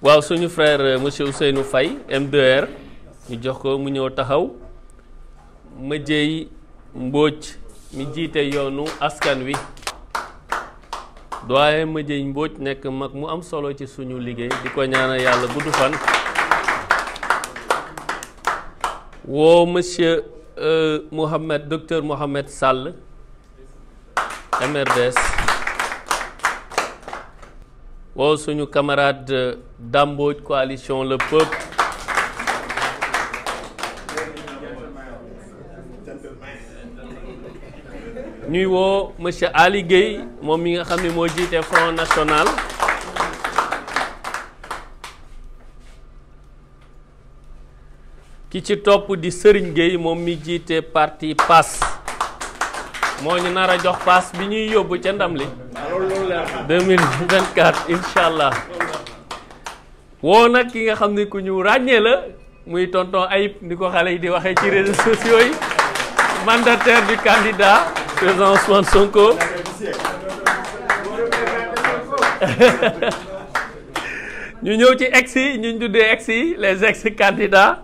waaw suñu frère monsieur Ousseynou Faye m ñu jox ko mu ñëw taxaw ma jëy Mbóoj mi jiite yoonu askan wi doyen ma jëy Mbóoj nekk mag mu am solo ci suñu liggéey di ko ñaanal yàlla gudd fan woo monsieur euh, Mohamed, docteur Mohamed Sall, MRDS. camarades suñu camarade euh, Damboj coalition le peuple Nous avons monsieur Ali Gay moom mi nga Front National ki ci topp di sëriñ Gueye moom mi jiite parti PAS moo ñu nar jox PAS bi ñuy yóbbu ca ndam li 2024 incha allah woo nag ki nga xam ne ku ñu ràññee la muy tonton Ayib ni ko xale yi di waxee ci réseaux sociaux yi mandataire du candidat président Sonko ñu ñëw ci ex yi ñu tuddee ex yi les ex candidats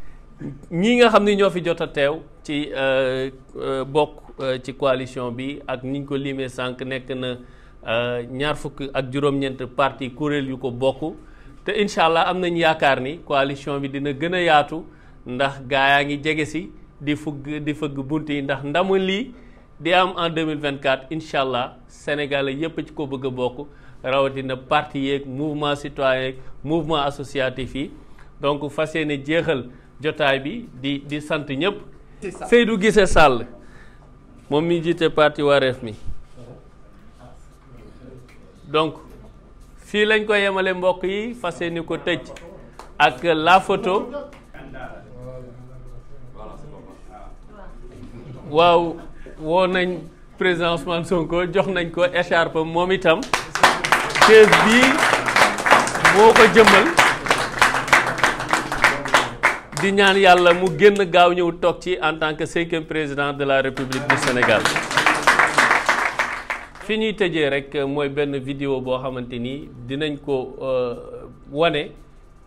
ñii nga xam ni ñoo fi jot a teew ci euh, euh, bokk euh, ci coalition bi ak niñ ko limee sànq nekk na ñaar fukk ak juróom-ñeent parti kuréel yu ko bokk te incha allah am nañ yaakaar ni coalition bi dina gën a yaatu ndax gaa yaa ngi jege si di fugg di fëgg bunt yi ndax ndamu lii di am en 2024 incha allah sénégalais yépp ci ko bëgg a bokk rawatina parti yeeg mouvement citoyen yeeg mouvement associatif yi donc fas yéene jeexal jotaay bi di di sant ñëpp. Seydou Guissé sàll moom mi jiite parti Wareef mi donc fii lañ ko yemale mbokk yi fase ni ko tëj ak la photo waaw woo nañ président Sonko jox nañ ko écharpe moom itam. chaise bii moo ko jëmmal. di ñaan yàlla mu génn gaaw ñëw toog ci en tant que cinquième président de la république bu Sénégal fi ñuy tëjee rek mooy benn vidéo boo xamante ni dinañ ko euh, wane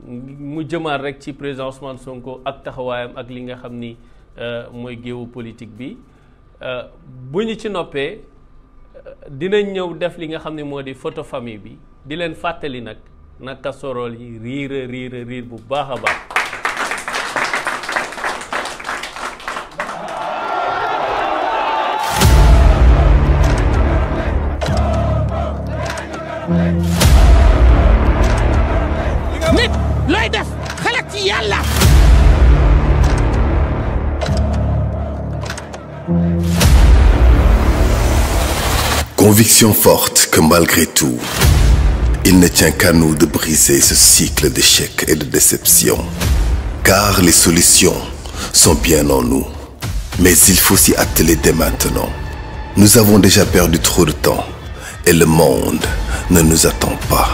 mu jëmaat rek ci président Ousmane Sonko ak taxawaayam ak li nga xam ni euh, mooy géewu politique bi euh, bu ñu ci noppee dinañ ñëw def li nga xam ne moo di photo famille bi di leen fàttali nag naka sorool yi riir a riir bu baax a baax Conviction forte que malgré tout, il ne tient qu'à nous de briser ce cycle d'échecs et de déceptions. Car les solutions sont bien en nous. Mais il faut s'y atteler dès maintenant. Nous avons déjà perdu trop de temps et le monde ne nous attend pas.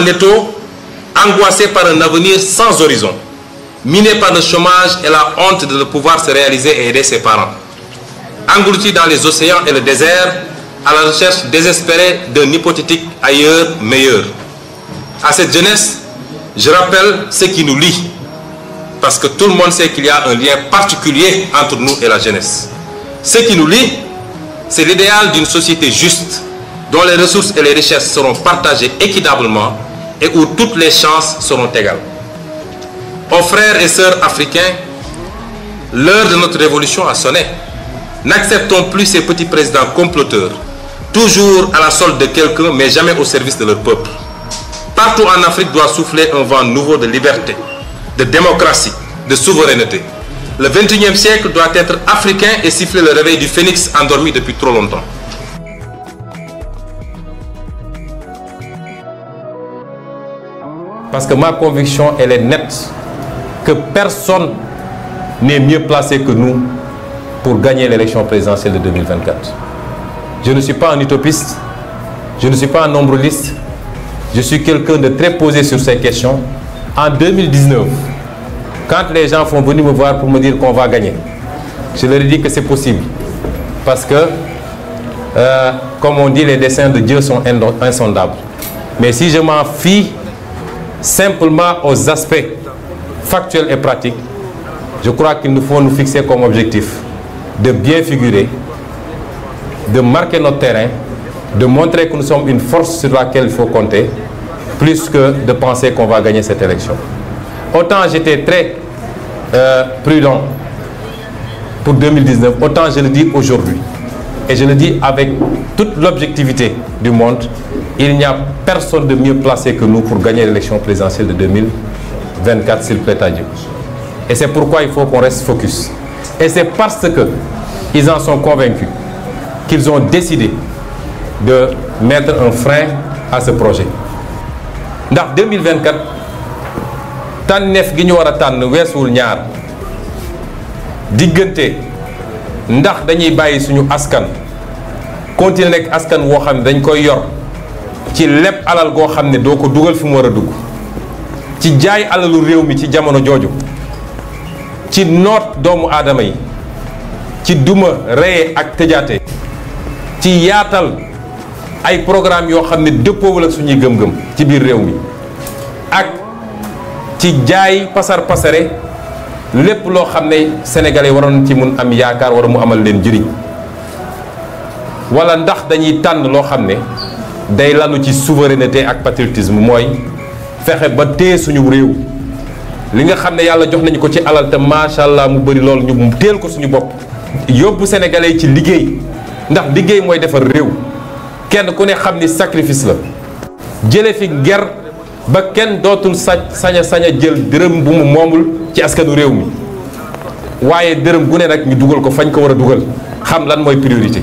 en étau, angoissé par un avenir sans horizon, miné par le chômage et la honte de ne pouvoir se réaliser et aider ses parents. englouti dans les océans et le désert, à la recherche désespérée d'un hypothétique ailleurs meilleur. À cette jeunesse, je rappelle ce qui nous lie, parce que tout le monde sait qu'il y a un lien particulier entre nous et la jeunesse. Ce qui nous lie, c'est l'idéal d'une société juste, dont les ressources et les richesses seront partagées équitablement et où toutes les chances seront égales. Aux frères et sœurs africains, l'heure de notre révolution a sonné. N'acceptons plus ces petits présidents comploteurs, toujours à la solde de quelqu'un mais jamais au service de leur peuple. Partout en Afrique doit souffler un vent nouveau de liberté, de démocratie, de souveraineté. Le 21e siècle doit être africain et siffler le réveil du phénix endormi depuis trop longtemps. parce que ma conviction, elle est nette, que personne n'est mieux placé que nous pour gagner l'élection présidentielle de 2024. Je ne suis pas un utopiste, je ne suis pas un nombriliste, je suis quelqu'un de très posé sur ces questions. En 2019, quand les gens sont venus me voir pour me dire qu'on va gagner, je leur ai dit que c'est possible. Parce que, euh, comme on dit, les desseins de Dieu sont insondables. Mais si je m'en fie simplement aux aspects factuels et pratiques, je crois qu'il nous faut nous fixer comme objectif de bien figurer, de marquer notre terrain, de montrer que nous sommes une force sur laquelle il faut compter, plus que de penser qu'on va gagner cette élection. Autant j'étais très euh, prudent pour 2019, autant je le dis aujourd'hui. Et je le dis avec toute l'objectivité du monde, il n'y a personne de mieux placé que nous pour gagner l'élection présidentielle de 2024, s'il plaît à Dieu. Et c'est pourquoi il faut qu'on reste focus. Et c'est parce que ils en sont convaincus qu'ils ont décidé de mettre un frein à ce projet. Dans 2024 tant gi ñu war a tànn ñaar ndax dañuy bayyi suñu askan continuer nek askan wo xam dañ koy yor ci lépp alal goo xam ne doo ko dugal fi mu war a dugg ci jaay alalu réew mi ci jamono jooju ci noot doomu aadama yi ci duma reye ak tëjaate ci yaatal ay programme yoo xam ne dëppoowul ak suñuy gëm-gëm ci biir réew mi ak ci jaay pasar pasare lépp loo xam ne sénégalais waroon ci mun am yaakaar wara mu amal leen njëriñ wala ndax dañuy tànn loo xam ne day lalu ci souveraineté ak patriotisme mooy fexe ba téye suñu réew li nga xam ne yàlla jox nañu ko ci alal te macha allah mu bari loolu ñu teel ko suñu bopp yóbbu sénégalais yi ci liggéey ndax liggéey mooy defar réew kenn ku ne xam ni sacrifice la jële fi ger ba kenn dootul sañ saña saña jël dërëm bu mu moomul ci askanu réew mi waaye dërëm gu ne rek ñu dugal ko fañ ko war a dugal xam lan mooy priorité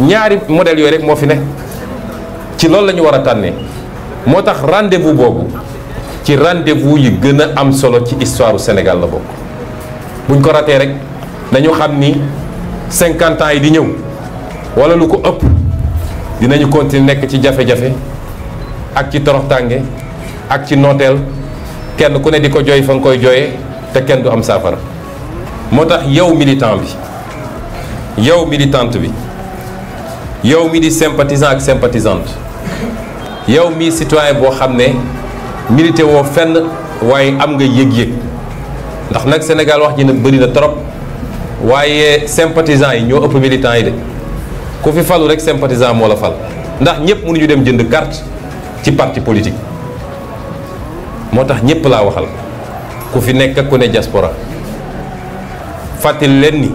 ñaari model yooyu rek moo fi ne ci loolu lañu war a tànnee moo tax rendez-vous boobu ci rendez-vous yi gën am solo ci histoire Sénégal la bokk buñ ko ratee rek dañu xam ni 50 ans yi di ñëw wala lu ko ëpp dinañu continuer nekk ci jafe-jafe ak ci toroxtànge ak ci nooteel kenn ku ne di ko jooy fa nga koy jooyee te kenn du am saafara moo tax yow militant bi yow militant bi yow mi di sympathisant ak sympathisante yow mi citoyen bo xamné milité wo fenn waaye am nga yeg yeg ndax nak Sénégal wax ji na bëri na trop waye sympathisant yi ñoo ëpp militant yi de ku fi falu rek sympathisant mo la fal ndax mënu ñu dem jënd carte ci parti politique motax ñepp la waxal ku fi nekk ku ne diaspora fatil leen ni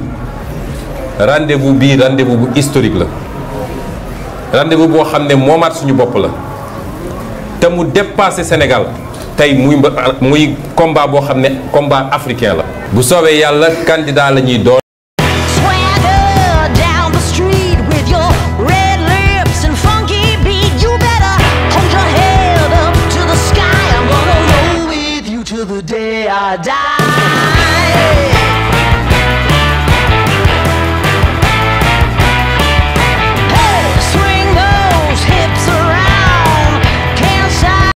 rendez-vous bi rendez-vous bu historique la rendez-vous bo xamné momat suñu bop la te mu dépassé Sénégal tey muy muy combat boo xam ne combat africain la bu soobee yàlla candidat la ñuy doon